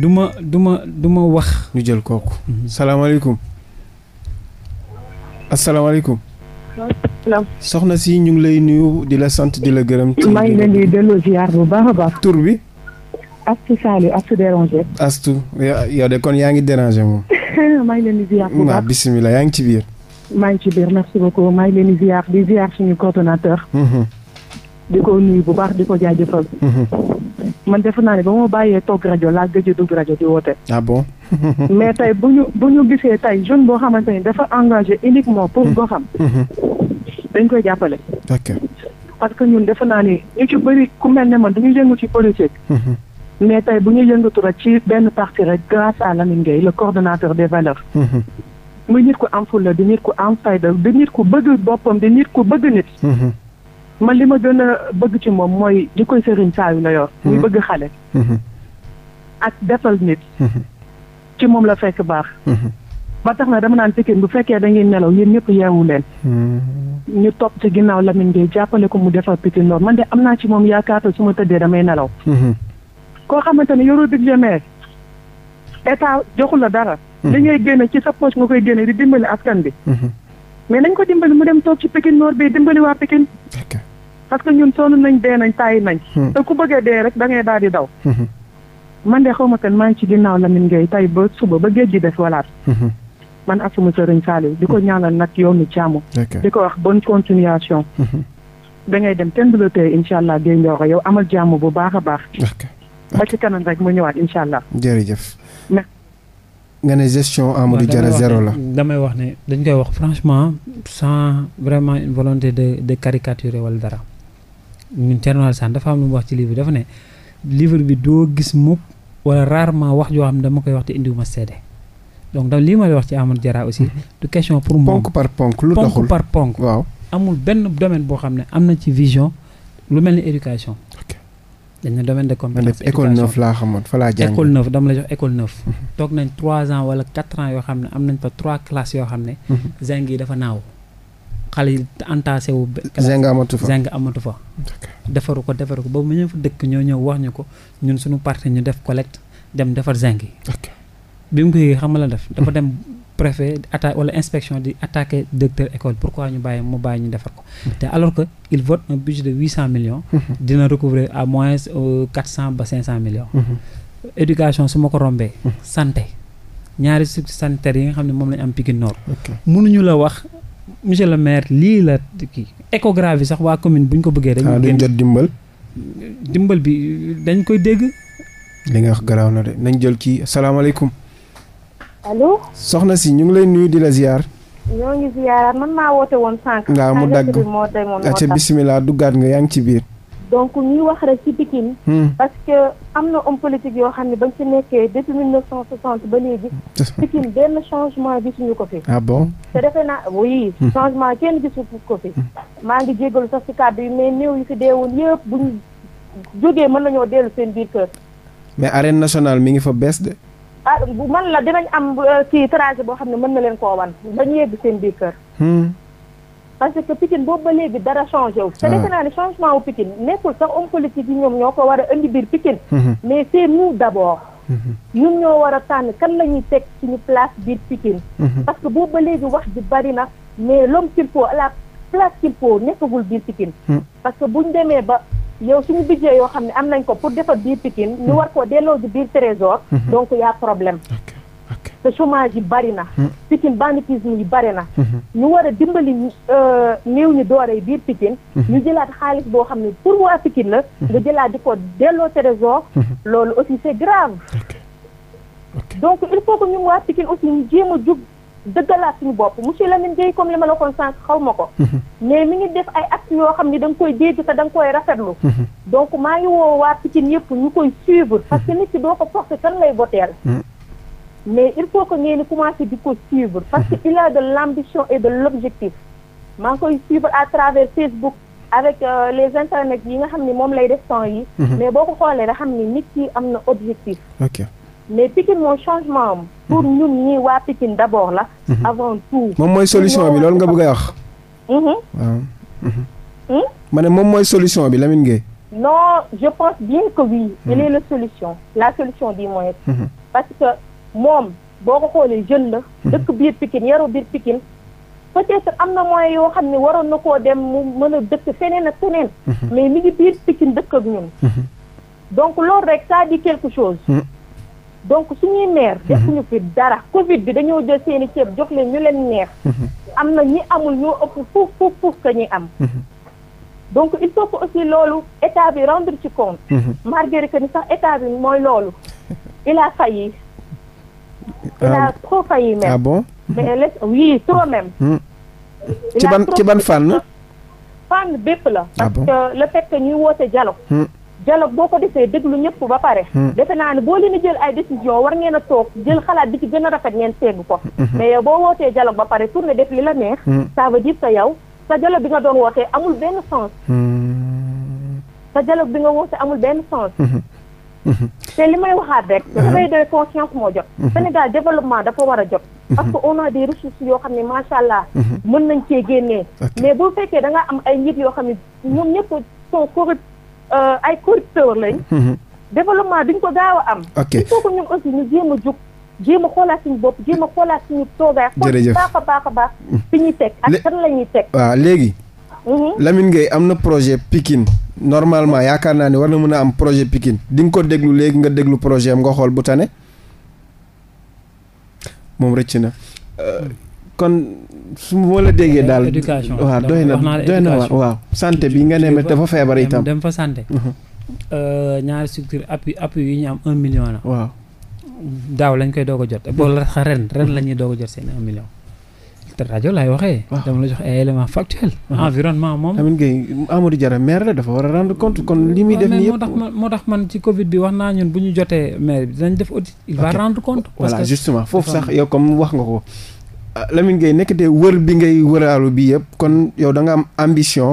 du ma du ma du ma wax. ñu jël kooku. salaamaaleykum. asalaamaaleykum. soxna si ñu ngi lay nuyu di la sant di la gërëm. maa ngi leen di delloo ziar bu baax a baax. tur bi. Astu Saliou Astu déranger. Astu yow de kon yaa ngi déranger moom. maa ngi leen di ziar yaa ngi ci biir. maa ngi ci biir merci beaucoup maa ngi leen di ziar di ziar suñu coordonnateur. Mm-hmm. di ko nuyu bu baax di ko jaajëfal. Mhm. man defe naa ne ba ma bàyyee toog rajo laa gëj a dugg rajo di woote. ah bon. mais tey bu ñu bu ñu gisee tey jeune boo xamante ni dafa engagé uniquement pour mhm. goxam. Mhm. dañ koy jàppale. parce que ñun defe naa ni ñu ci bëri ku mel ne man du ñu yëngu ci politique. mais tey bu ñu yëngatu rek ci benn parti rek grâce à Lamine Gueye le coordonnateur des valeurs. muy nit ku am fulla di nit ku am fayda di nit ku bëgg boppam di nit ku bëgg nit. man li ma gën a bëgg ci moom mooy di koy sëriñ saayu la yor. muy mhm. bëgg xale. Mhm. ak defal nit. Mhm. ci moom la fekk baax. ba tax na dama naan bu fekkee da ngeen nelaw yéen ñëpp yeewu leen. ñu topp ci ginnaaw Lamine Gueye jàppale ko mu defar Pikine Nord man de am naa ci moom yaakaar su ma tëddee damay nelaw. koo xamante ne yoroo budget maire état joxul la dara. li ngay génne ci sa poche nga koy génne di dimbali askan bi. mais nañ ko dimbali mu dem toog ci Pikine Nord dimbali waa Pikine. parce que ñun sonn nañ dee nañ tàyyi nañ. Hmm. te ku bëggee dee rek da daal di daw. Hmm. man de xaw ma kan maa ngi ci ginnaaw Lamine Gueye tey ba suba ba géej gi def walaat. Hmm. man ak suma sëriñ Saliou di ko ñaanal nag yoonu jàmm. di ko wax bonne continuation. da ngay dem kenn du la tey incha allah Gueye Ndioro yow amal jàmm bu baax a baax. ba ci kanam rek mu ñëwaat incha allah. jërëjëf. nga ne gestion Amadou Diarra zéro la damay wax ne dañ koy wax franchement sans vraiment une de de caricaturer wala dara. ñun Thierno Alassane dafa am lu mu wax ci livre bi dafa ne livre bi doo gis mukk wala rarement wax joo xam ne dama koy wax te indiwuma seede donc da lii ma lay wax ci Amadou Diarra aussi mm-hmm. du question pour moom ponk par ponk lu doxul par ponk waaw amul benn domaine boo xam ne am na ci vision lu mel ni éducation dañ ne domaine de compétence école neuf laa xamoon fa laa jàng école neuf dama la jox école neuf mm-hmm. toog nañ trois ans wala quatre ans yoo xam ne am nañ fa trois classes yoo xam ne mm-hmm. dafa naaw xale yi entassé wu. amatu fa zeng amatu fa. defaru ko defaru ko ba mu ñëw fa dëkk ñoo ñëw wax ñu ko ñun suñu parti ñu def collecte dem defar zeng yi. bi mu ko yëgee xam la def. dafa dem préfet attaque wala inspection di attaquer directeur école pourquoi ñu bàyyi mu bàyyi ñu defar ko. Hmm. te alors que il vote un budget de huit cent millions. Hmm. dina recouvrer à moins euh, quatre cent ba cinq cent millions. Hmm. éducation su ma ko rombee. santé ñaari structures sanitaires yi nga xam ne moom la wax. monsieur le maire lii la kii yi sax waa commune bu ñu ko bëggee. dañuy ah, génn jot dimbal. dimbal bi dañ koy dégg. li nga wax garaaw na de nañ jël kii asalaamaaleykum. allo. soxna si ñu ngi lay nuyu di la ziar. man maa woote woon sànq. waaw mu dagg moo tey moom duggaat nga yaa ngi ci biir. donc ñuy wax rek ci Pikine hmm. parce que am na homme politique yoo xam ne bañ si nekkee depuis mille neuf cent soixante ba léegi Pikine benn changement gisuñu ko fi ah te defe naa oui hmm. changement kenn gisu ko fi hmm. maa ngi jégalu sax ci kàddu yi mais néew yi fi deewoon yëpp bu ñu jógee mën nañoo dellu seen biir kër mais arène nationale mi ngi fa bees de ah bu man la dinañ am ci euh, trajet boo xam ne mën na leen koo wan bañ yegg seen biir kër parce que Pikine boobu ba léegi dara changé wu. te ah. defe naa ne changement wu Pikine nekkul sax homme politique yi ñoom ñoo ko war a indi biir Pikine. Mhm. mais c'est nous d'abord. Mhm. ñun ñoo war a tànn kan la ñuy teg suñu place biir Pikine. Mhm. parce que boobu ba léegi wax ji bari na mais l'homme qu'il faut la place qu'il faut nekkagul biir Pikine. parce que bu ñu demee ba. yow suñu budget yoo xam ne am nañ ko pour defar biir Pikine ñu war koo delloo ji biir trésor donc y a problème te chômage yi bari na. Hmm. Pikine banditisme yi bari na. Hmm. ñu war a dimbali euh, néew ñu dooree biir Pikine. Hmm. ñu jëlaat xaalis boo xam ne pour waa Pikine la. nga jëlaat di ko delloo trésor. loolu aussi c'est grave. donc il faut que ñun waa Pikine aussi ñu jéem a jug dëggalaat suñu bopp monsieur Lamine Gueye comme li ma la ko sànq xaw ma ko. mais mi ngi def ay actes yoo xam ni da nga koy dégg te da nga koy rafetlu. donc maa ngi woo waa Pikine yëpp ñu koy suivre. parce que nit ki doo ko forcer kan lay boteel. mais il faut que ni commencé di ko suivre parce que mhm. il a de l'ambition e de l'objectif maa ngi koy suivre à travers Facebook avec euh, les internets yi nga xam ni moom lay def temps yi mhm. mais boo ko xoolee da xam ni nit ki am na objectif ok mais Pikine moom changement am pour mhm. ñun ñii waa Pikine d'abord la avant tout moom mooy solution bi loolu nga bëgg a wax waaw hmm? ma moom mooy solution bi Lamine Gueye non je pense bien que oui il hmm. est la solution la solution du moyen parce moom boo ko xoolee jeune la. Mhm. dëkk biir pikin yaru biir pikin peut-être am na moyen yoo xam ne waroon na koo dem mu mën a dëkk feneen ak feneen. Mhm. mais mi ngi biir Pikine dëkk ak ñun. Mhm. donc loolu rek ça dit quelque chose. donc suñuy maire defuñu fi dara Covid bi dañoo jël seeni ceeb jox leen ñu leen neex. am na ñi amul ñoo ëpp fuuf fuuf fuuf que ñi am. donc il faut que aussi loolu état bi rendre ci compte. malgré que ni sax état bi mooy loolu il a failli. Ah, Il a ah, trop failli même. Ah bon Mais elle est... Oui, trop même. Hmm. ci ban ci ban bépp la. Ah parce que le fait ñuy woote dialogue. Hmm. dialogue boo ko defee déglu ñëpp ba pare. Hmm. defe naa ne boo leen di jël ay décision war ngeen a toog jël xalaat bi ci gën a rafet ngeen segg ko. mais yow boo wootee dialogue ba pare pour nga def li la neex. ça veut dire yow sa jalo bi nga doon wootee amul benn sens. sa dialogue bi nga wootee amul benn sens. te li may waxaat rek. réveil uh-huh. de conscience moo jot. Uh-huh. Sénégal développement dafa war a jot. Uh-huh. parce que on a des ressources yoo xam ne macha allah. mën nañ cee génnee. mais boo fekkee da nga am ay nit yoo xam ne ñoom ko sont corrupt euh, ay corrupteur lañ. développement duñ ko gaaw am. ok il faut que ñun aussi ñu a jug. jéem a xoolaat suñu bopp jéem a xoolaat suñu toogaay. jërëjëf xool baax a baax a mm. fi ñuy teg ak kan la ñuy teg. waaw léegi. Mm-hmm. Lamine Gueye am na projet Pikine. normalement yaakaar naa ne war na mën a am projet Pikine di nga ko déglu léegi nga déglu projet am nga xool bu tane moom rëcc na. Euh, kon su ma la déggee daal éducation waaw doy na doy na waaw santé bi nga ne dafa feebar itam dem fa santé. Mhm. Euh, ñaari structure appui appui yu ñu am un million la. waaw daaw lañ koy doog a jot. boo mhm. ren ren la ñuy doog a jot seen un million. te rajo laay waxee. dama la jox ay éléments factuels. environnement moom. Lamine Gueye Amadou Diarra maire la dafa war a rendre compte kon li muy def. nii yëpp moo tax man moo tax man ci Covid bi wax naa ñun bu ñu jotee maire bi dinañ def audit. il va rendre compte. parce que justement foofu sax yow comme wax nga ko. Ah, Lamine nekk de wër bi ngay wëraalu bi yëpp kon yow da nga am ambition.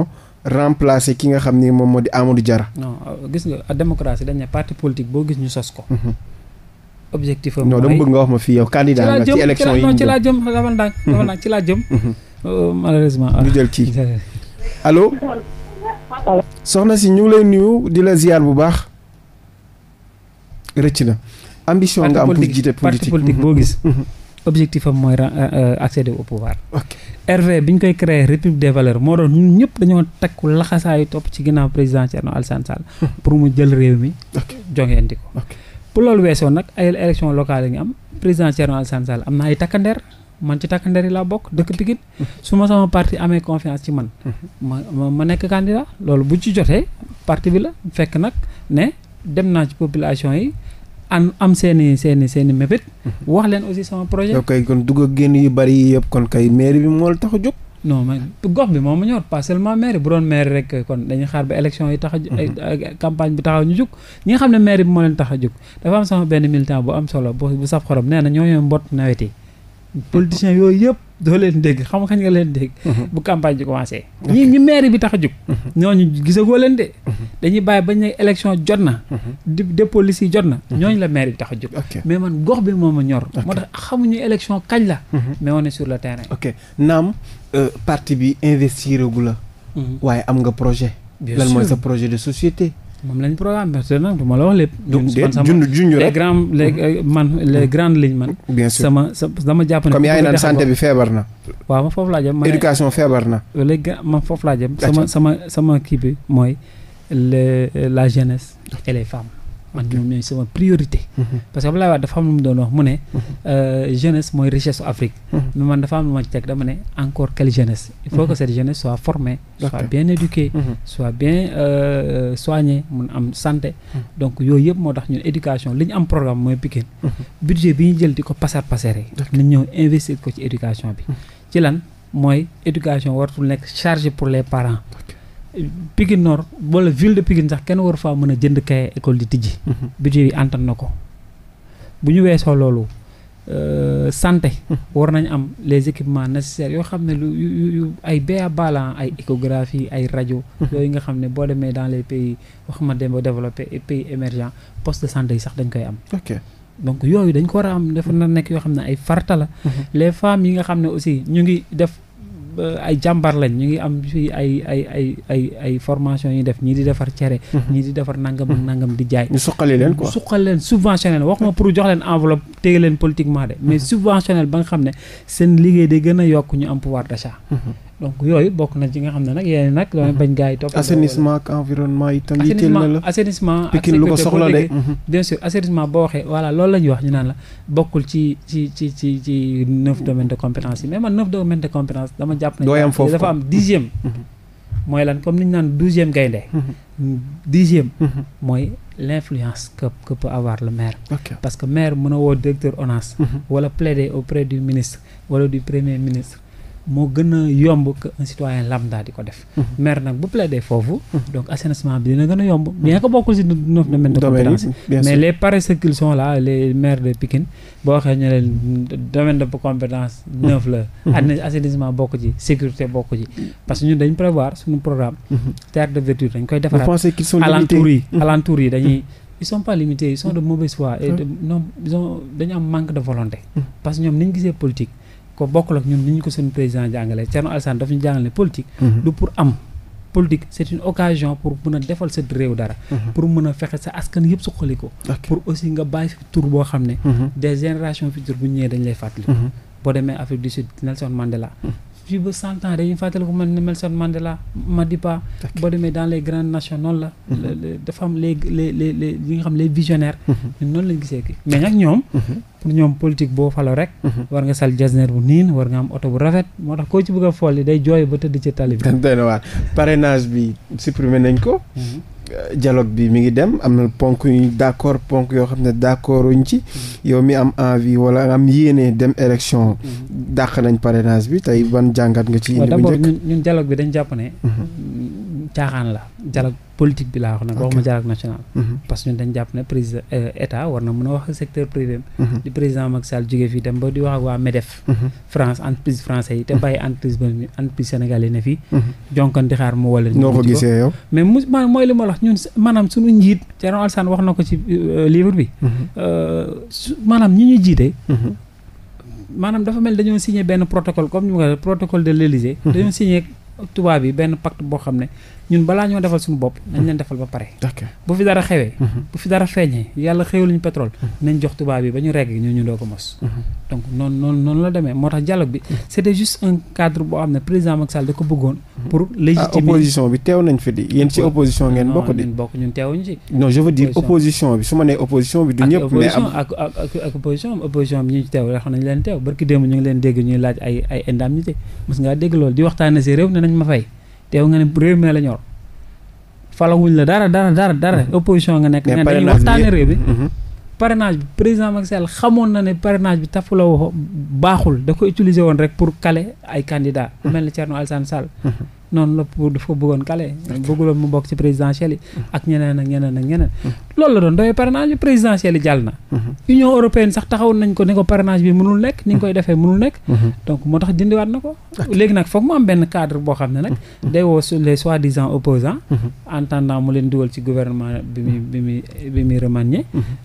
remplacer ki nga xam ni moom moo di Amadou Diarra. non gis nga démocratie dañ ne parti politique boo gis ñu sos ko. Mhm. objectif am. non dama bëgg nga wax ma fii yow candidat nga ci élection yi ci laa jëm dama ndànk dama ndànk ci laa jëm. Mhm. Euh, malheureusement. Ah. jël kii allo. soxna si ñu ngi lay nuyu di la ziar bu baax. rëcc na ambition nga am pour jiite politique parti politique boo mhm. gis. Mhm. objectif am mooy euh, euh, accéder au pouvoir. RV bi ñu koy créer république de valeur moo doon ñun ñëpp dañoo takku laxasaayu topp ci ginnaaw président Thierno Alassane Sall. pour mu jël réew mi. ok jongeendi ko. bu loolu weesoo nag ay élection locale yi ñu am président Thierno Alassane Sall am na ay takkandeer man ci takkandeer yi laa bokk dëkk Pikine mhm. su ma sama parti amee confiance ci man mhm. ma ma nekk candidat loolu bu ci jotee parti bi la fekk nag ne dem naa ci population yi am am seeni seeni seeni mébét mhm. wax leen aussi sama projet ok kon dugg génn yu bari yëpp kon kay mairie bi moo la tax a jóg non mais gox bi moom ma ñor pas seulement maire bu doon maire rek kon dañuy xaar ba élection yi tax a mhm. campagne bi taxaw ñu jug ñi xam ne maire bi moo leen tax a jug dafa am sama benn militant bu am solo bu saf xorom nee na ñoo ñooy mbott nawet yi politiciens yooyu yëpp doo leen dégg xam nga kañ nga leen dégg. Mhm. bu campagne bi commencé. ñii ñi maire bi tax a jug. Mhm. ñooñu gisagoo leen de. Mhm. dañuy bàyyi bañ ne élection jot na. di yi jot na. ñooñu la maire bi tax a jug. mais man gox bi moom a ñor. moo tax xamuñu élection kañ la. mais on est sur le terrain. ok naam euh, parti bi investir gu la. waaye am nga projet. lan mooy sa projet de société. moom lañ programme parce que nag du ma la wax lépp. junj les grands les mm-hmm. euh, man les mm-hmm. grandes lignes man. bien sûr sama sama jàpp ne. comme yaa ngi naan santé bi feebar na. waaw ma foofu laa jëm. éducation feebar na. léegi ma foofu laa jëm. sama sama sama kii bi mooy la jeunesse et les femmes. man ñooy sama priorité mhm. parce que Abdoulaye Wade dafa am lu mu doon mu ne mhm. euh, jeunesse mooy richesse Afrique mhm. mais dafa am lu ma ci teg dama ne encore quelle jeunesse il faut que cette jeunesse soit formée soit bien éduquée soit bien euh, soignée mun am santé donc yooyu yëpp moo tax ñun éducation li am programme mooy Pikine budget bi ñu jël di ko pasar pasare nañ ñëw investir ko ci éducation bi ci lan mooy éducation wartul nekk chargé pour les parents Pikine Nord wala ville de Pikine sax kenn war faa mën a jënd kaye école di tijji. Mhm. budget bi antan na ko bu ñu weesoo loolu euh, santé. Mhm. war nañ am les équipements nécessaires yoo xam ne lu ay ba balan ay échographie ay rajo. Mhm. yooyu nga xam ne boo demee dans les pays wax ma dem ba développé pays émergents poste de santé yi sax dañ koy am. donc yooyu dañ ko war a am dafa na nekk yoo xam ne ay farta la. les femmes yi nga xam ne aussi ñu ngi def. ay jàmbar lañ ñu ngi am fii ay ay ay ay formation yi def ñii di defar cere mhm. ñii di defar nangam ak nangam di jaay ñu suqali leen quoi suqali leen subventionnel wax ma pour jox leen enveloppe téye leen politiquement de mais mhm. subventionnel ba nga xam ne seen liggéey day gën a yokk ñu am pouvoir d'achat mhm. donc yooyu bokk na ci nga xam ne nag yéen nag. damay mhm. bañ gars yi topp. assainissement ak environnement itam yitteel na lu ko soxla de mhm. bien sûr assainissement boo waxee voilà loolu la ñuy wax ñu naan la bokkul ci ci ci ci ci neuf domaines de compétence yi mais man neuf domaines de compétence dama jàpp ne. dafa am dixième. Mhm. mooy lan comme ni ñu naan douzième gaynde dixième mooy l'influence que que peut avoir le maire parce que maire mën a woo directeur ONAS wala plaider auprès du ministre wala moo gën a yomb que un citoyen lambda di ko def. Mhm. maire nag bu plaider foofu. Mhm. donc assainissement bi dina gën a yomb. Mhm. bien que bokkul si neuf de compétence de compétence neuf la. assainissement bokk ci sécurité bokk ci parce que ñun dañ prévoir suñu programme. terre de vertu dañ koy defaraat. vous pensez alentour yi dañuy. ils sont pas limités ils sont de mauvaise foi dañu am manque de volonté. parce que ñoom ni gisee politique. ko bokkul ak ñun ni ñu ko seen président jàngalee Thierno Alassane daf ñu jàngale politique. Mhm. du pour am politique c' une occasion pour mën a defal sa réew dara. Mhm. pour mën a fexe sa askan yëpp suqali ko. pour aussi nga bàyyi fi tur boo xam ne. Mhm. des générations futures bu ñëwee dañ lay fàttali. boo demee Afrique du Sud Nelson Mandela. fii ba cent ans dañuy fàttali ko man Nelson Mandela Madiba boo demee dans les grandes nations la mhm. dafa am les les les les li nga xam les visionnaires mhm. ñun noonu lañ gisee kii mais nag ñoom mhm. pour ñoom politique boo falo rek war nga sal jasner bu niin war nga am oto bu rafet moo tax koo ci bëgg a folli day jooy ba tëdd ci tali bi parrainage bi supprimé nañ ko dialogue bi mi ngi dem am na ponk yu d'accord ponk yoo xam ne d'accord uñ ci mm-hmm. yow mi am envie wala am yéene dem élection mm-hmm. dàq nañ parrainage bi tey ban jàngat nga ci indi bu njëkk ñun dialogue bi dañ jàpp ne mm-hmm. caaxaan la dialogue politique bi laa wax nag waxuma dialogue national mhm. parce que ñun dañ jàpp ne président euh, état war na mën a wax secteur privé mhm. di président Macky Sall jógee fii dem ba di wax waa MEDEF mhm. France entreprise français yi te bàyyi entreprise ba entreprise sénégalais euh, euh, maanaam ñi ñu jiite maanaam dafa mel dañoo signé benn protocole comme ñu ma ko protocole de l'Élysée dañoo signé tubaab yi benn pacte boo xam ne ñun balaa ñoo defal suñu bopp nañ leen defal ba pare bu fi dara xewee mhm. bu fi dara feeñee yàlla xewluñu pétrole mhm. nañ jox tubaab bi ba ñu regg ñu ñu doo ko mos mhm. noonu la demee moo tax dialogue bi c'était xam ne président Macky Sall da ko ah, bi teew nañ fi di yéen ci opposition ngeen bokk ñun bi su ma nee opposition bi du ñëpp mais am teew xam nañ leen teew barki démb ñu ngi leen dégg ñuy laaj ay ay indemnité mos ngaa dégg loolu di waxtaane si réew ne nañ ma fay te yow nga ne réew mi la ñor falawuñ la dara dara dara dara mm-hmm. opposition nga nekk nga dañuy waxtaane réew bi mm-hmm. parrainage bi président Macky Sall xamoon na ne parenage bi tafu la baaxul da ko utiliser woon rek pour caler ay candidats mm-hmm. mel ni Thierno Alassane Sall noonu la pour dafa bëggoon kale bëgguloon mu bokk ci présidentielle yi mm-hmm. ak ñeneen ak ñeneen ak ñeneen mm-hmm. loolu la doon doyee parrainage bi présidentielle yi jàll na mm-hmm. union européenne sax taxawoon nañ ko ne ko parrainage bi mënul nekk ni ñu koy defee mënul nekk donc moo tax dindiwaat na ko léegi nag foog mu am benn cadre boo xam ne nag day woo les soi-disant opposants en attendant mu leen dugal ci gouvernement bi muy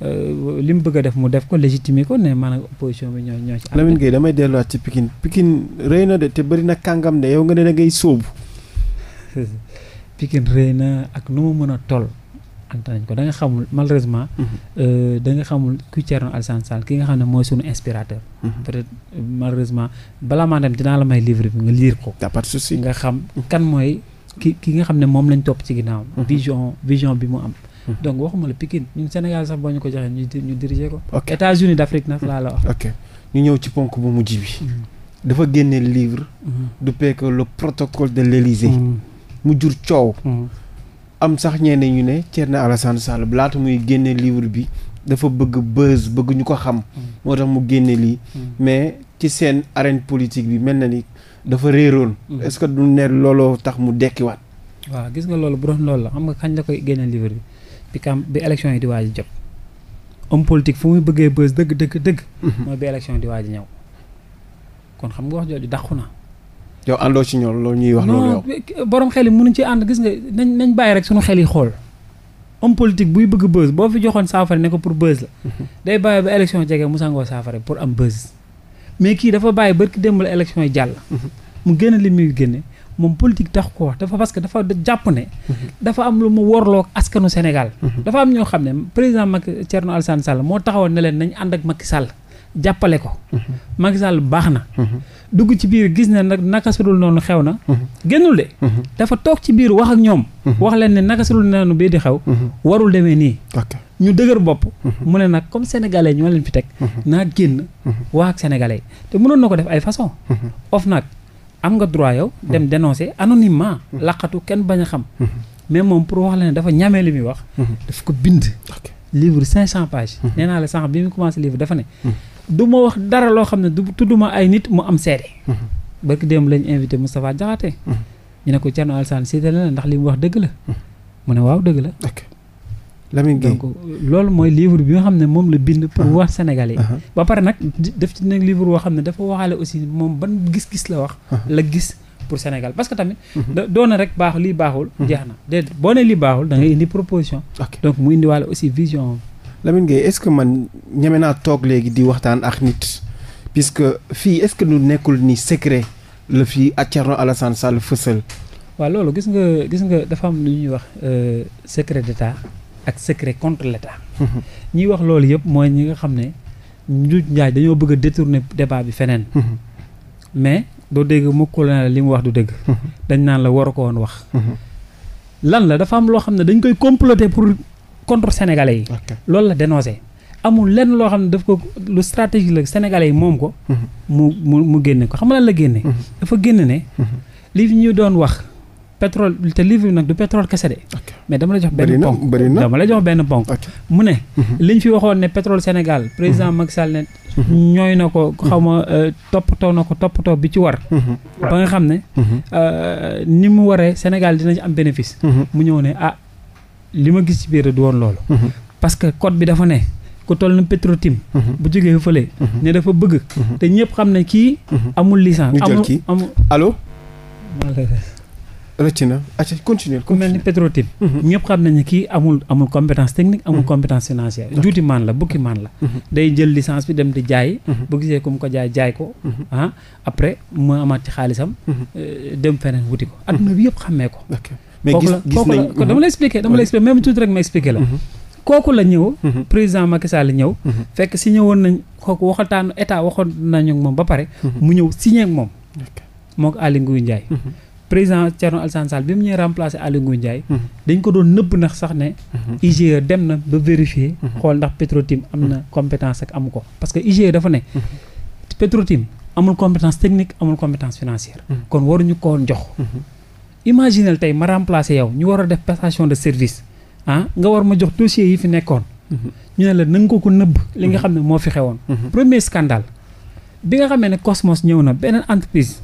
euh, li mu bëgg a def mu def ko légitimer ko ne maanaam opposition bi ñoo ñoo ci Lamine Gueye damay delluwaat ci Pikine na de te bëri Pikine rëy na ak nu mu mën a toll anta nañ ko da nga xamul malheureusement mhm. euh, da nga xamul ku Thierno Alassane Sall ki nga xam ne mooy suñu inspirateur mhm. peut-être malheureusement balaa maa dem dinaa la may livre bi nga liir ko nga xam mhm. kan mooy ki ki nga xam ne moom lañ topp ci ginnaawam vision vision bi mu am donc waxuma la Pikine ñun Sénégal sax boo ñu ko joxee ñu ñu ko États-Unis d'Afrique nag laa la wax ok ñu ñëw ci ponk bu mu bi dafa génne livre du pekk le protocole de l'Élysée mu jur coow. Mhm. am sax ñenn ñu ne Thierno Alassane Sall laata muy génne livre bi dafa bëgg buzz bëgguñu ko xam. Mhm. moo tax mu génne lii. Mhm. mais ci seen arène politique bi mel na ni dafa réeroon. est-ce que du ne looloo tax mu dekkiwaat. waaw gis nga loolu bu doon loolu la xam nga kañ la koy génnee livre bi bi kam bi élection yi di waaj jot. homme politique fu muy bëggee buzz dëgg dëgg dëgg. mooy bi élection yi di waaj ñëw kon xam nga wax jooju dàqu na. yow àndoo ci ñoom loolu ñuy wax. loolu yow borom xel yi mënuñ ci ànd gis nga nañ nañ bàyyi rek suñu xel yi xool homme politique buy bëgg buzz boo fi joxoon saafara ne ko pour buzz la. Mhm. day bàyyi ba élection jege mu sangoo saafara pour am buzz. mais kii dafa bàyyi barki démb la élection yi jàll. Mhm. mu génn li muy génne moom politique tax ko wax dafa parce que dafa jàpp ne. Mhm. dafa am lu mu warloo askanu Sénégal. dafa am ñoo xam ne président Macky Thierno Alassane Sall moo taxawoon ne leen nañ ànd ak Macky Sall. jàppale ko. Mhm. Macky Sall baax na. Mhm. dugg ci biir gis na nag naka sudul noonu xew na. Mhm. génnul de. dafa toog ci biir wax ak ñoom. wax leen ne naka sudul noonu bii di xew. warul demee nii. ñu dëgër bopp. mu ne nag comme sénégalais ñoo leen fi teg. naa génn wax ak sénégalais te mënoon na ko def ay façon. of nag am nga droit yow. dem dénoncer anonymement. laqatu kenn bañ a xam. mais moom pour wax la ne dafa ñamee li muy wax. daf ko bind. livre cinq cent pages. nee naa la sànq bi mu commencé livre dafa ne. du ma wax dara loo xam ne du tudduma ay nit mu am seede mhm. barki démb lañ invité Moustapha Diakhaté mhm. ñu ne ko Thierno Alassane Cissé la ndax li mu wax dëgg la mhm. mu ne waaw dëgg la Lamine Gueye donc loolu mooy livre bi nga xam ne moom la bind pour uh-huh. wax sénégalais yi uh-huh. ba pare nag def ci nag livre boo xam ne dafa waxaale aussi moom ban gis-gis la wax uh-huh. la gis pour Sénégal parce que tamit doona rek baax lii baaxul jeex na déedéet boo ne lii baaxul da ngay indi proposition donc mu indiwaale aussi vision Lamine Gueye est-ce que man ñeme naa toog léegi di waxtaan ak nit puisque fii est-ce que nu nekkul ni secret la fii Thierno Alassane Sall fësal. waa loolu gis nga gis nga dafa am lu ñuy wax euh, secret d'État ak secret contre l'État. ñiy wax loolu yëpp mooy ñi nga xam ne njuuj njaaj dañoo bëgg a détourner bi feneen. mais doo dégg mukk la li mu wax du dégg dañ naan la waru ko woon wax. lan la dafa am loo xam ne dañ koy comploter pour. contre sénégalais yi. loolu la dénoncé. amul lenn loo xam ne daf ko lu stratégie la sénégalais yi moom ko. Mhm. mu mu mu génne ko xam nga la génne. Mhm. dafa génn ne. Mhm. li ñu doon wax pétrole te livre nag du pétrole kese de. mais dama la jox benn ponk dama la jox benn ponk. mu ne. liñ fi waxoon ne pétrole Sénégal président Macky Sall ne. ñooy na ko xaw ma euh, toppatoo na ko toppatoo bi ci war. ba nga xam ne. Euh, ni mu waree Sénégal dina ci am bénéfice. mu ñëw ne ah. li ma gis ci biir du woon loolu. Mhm. parce que code bi dafa ne ku toll na Petro-Tim mhm. bu jógee fële. Mhm. ne dafa bëgg. te ñëpp xam ne kii. amul licence amul ñu na acca continuer ku mel ni Petro-Tim ñëpp xam nañu kii compétence technique amul compétence financière juuti maan la bukki maan la day jël licence bi dem di jaay bu gisee ku mu ko jaay jaay ko ah après mu amaat ci xaalisam euh, dem feneen wuti ko adduna bi yëpp xamee ko mais gis gis nañ kooku la dama la expliqué dama la expliqué même tuuti ma expliqué la. Mhm. kooku la ñëw. Mhm. président Macky Sall ñëw. Mhm. fekk signé woon nañ kooku waxataanu état waxoon nañu ak moom ba pare. mu ñëw signé ak moom. moo ko Aly Ngouille président Thierno Alassane Sall bi mu ñuy remplacé dañ ko doon nëbb ndax sax ne. IGE dem na ba vérifier. xool ndax Petrotim am na compétence ak amu ko parce que IGE dafa ne. Petrotim amul compétence technique amul compétence financière. kon waruñu ko woon jox. imaginel tey ma remplacer yow ñu war a def passation de service ah nga war ma jox dossier yi fi nekkoon. Mm-hmm. ñu ne la na nga ko ko nëbb. li nga mm-hmm. xam ne moo fi xewoon. Mm-hmm. premier scandale bi nga xamee ne Cosmos ñëw na beneen entreprise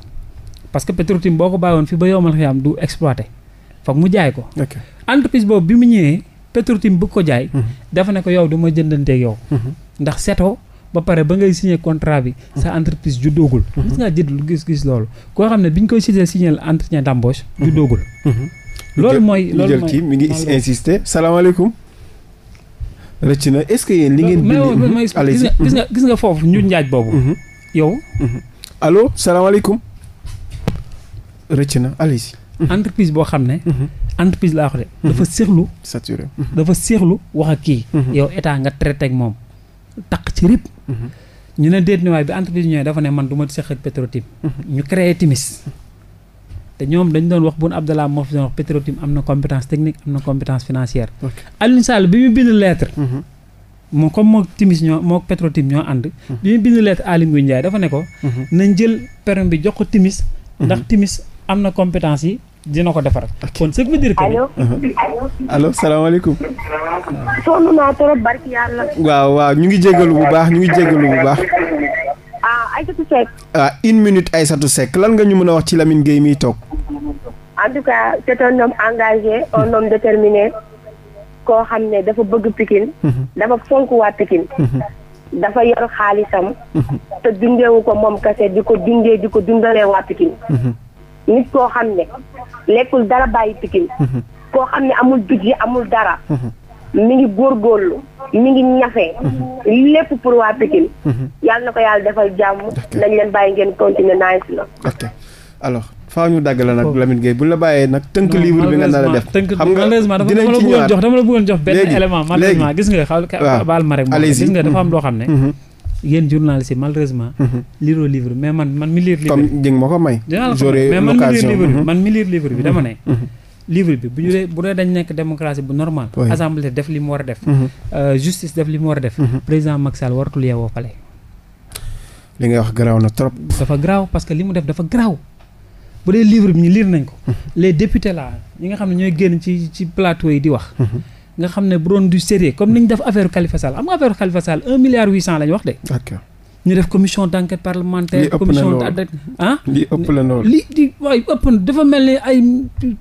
parce que Petrotim boo ko bàyyiwoon fi ba yomal xiyam du exploité foog mu jaay ko. entreprise boobu bi mu ñëwee Petrotim bëgg ko jaay. dafa ne ko yow du ma jëndanteeg yow. ndax setoo ba pare ba ngay signé contrat bi sa entreprise juddoogul mhm. gis ngaa jël gis gis loolu koo xam ne bi ñu koy signé signé entretien d'embauche juddoogul mhm. Mhm. loolu mooy loolu mooy jël kii mi ngi insister salaamaaleykum rëcc na est-ce que yéen li ngeen bind allez gis nga gis nga foofu ñu njaaj boobu yow allo salaamaaleykum rëcc na allez entreprise boo xam ne entreprise laa wax de dafa séexlu dafa séexlu wax ak kii yow état nga traité ak moom taq ci rib mhm. ñu ne déet waay bi entreprise ñooy dafa ne man du ma seq ak Petro-Tim mhm. ñu créé Timis te ñoom dañ doon wax Boun Abdallah moo fi doon wax petro am na compétence technique am na compétence financière Alioune bi mu bind lettre mhm. moom comme mook Timis ñoo mook ñoo ànd bi mu bind lettre Aly Ngouille Ndiaye dafa ne ko nañ jël permis bi jox ko Timis ndax Timis am na compétence yi dina ko defar. kon ce qui veut dire que. allo allo uh-huh. salaamaaleykum. sonn naa trop yàlla. waaw waaw ñu ngi jégalu bu baax ñu ngi jégalu bu baax. ay ah, Aïssatou Seck. ah une minute Aïssatou Seck lan nga ñu mën a wax ci Lamine géey miy toog. en tout cas c'est un homme engagé un homme déterminé. koo xam ne dafa bëgg pikin uh-huh. dafa fonk waa pikin uh-huh. dafa yor xaalisam te dundeewu ko moom kese di ko dundee di ko dundalee waa pikin nit koo xam ne lekkul dara bàyyi pikin mhm. koo xam ne amul budget amul dara mhm. mi ngi góorgóorlu mi ngi ñafee mhm. lépp pour waa pikin yàlla na ko yàlla defal jàmm nañ leen bàyyi ngeen continuer nice la ok alors faaw ñu dagg la nag oh. Lamine Gueye bu la bàyyee nag tënk livre bi nga nar a def xam nga dinañ ci ñëwaat dama la bëggoon jox benn élément malheureusement gis nga xaw baal ma rek moom gis nga dafa am loo xam ne yéen journaliste yi malheureusement. Mhm. liroo livre mais man man livre bi. comme Dieng ma ko may. man mi livre bi man mi mhm. livre bi bu ñu dee bu dee dañ nekk démocratie bu normal. assemblée def li mu war a def. Mhm. Euh, justice def li mu war a def. président Macky Sall waratul yeewoo fale. li ngay wax garaaw na trop. dafa garaaw parce que li mu def dafa garaaw. bu dee livre bi ñu lire nañ ko. les députés là ñi nga xam ne ñooy génn ci ci plateau yi di wax. nga xam ne bu doon du sérieux comme ni ñu def affaire Khalifa Sall am nga affaire Khalifa Sall un milliard huit cent la wax de. ñu def commission d' enquête parlementaire. commission d' ah. li ëpp la li di waay ëpp na dafa mel ni ay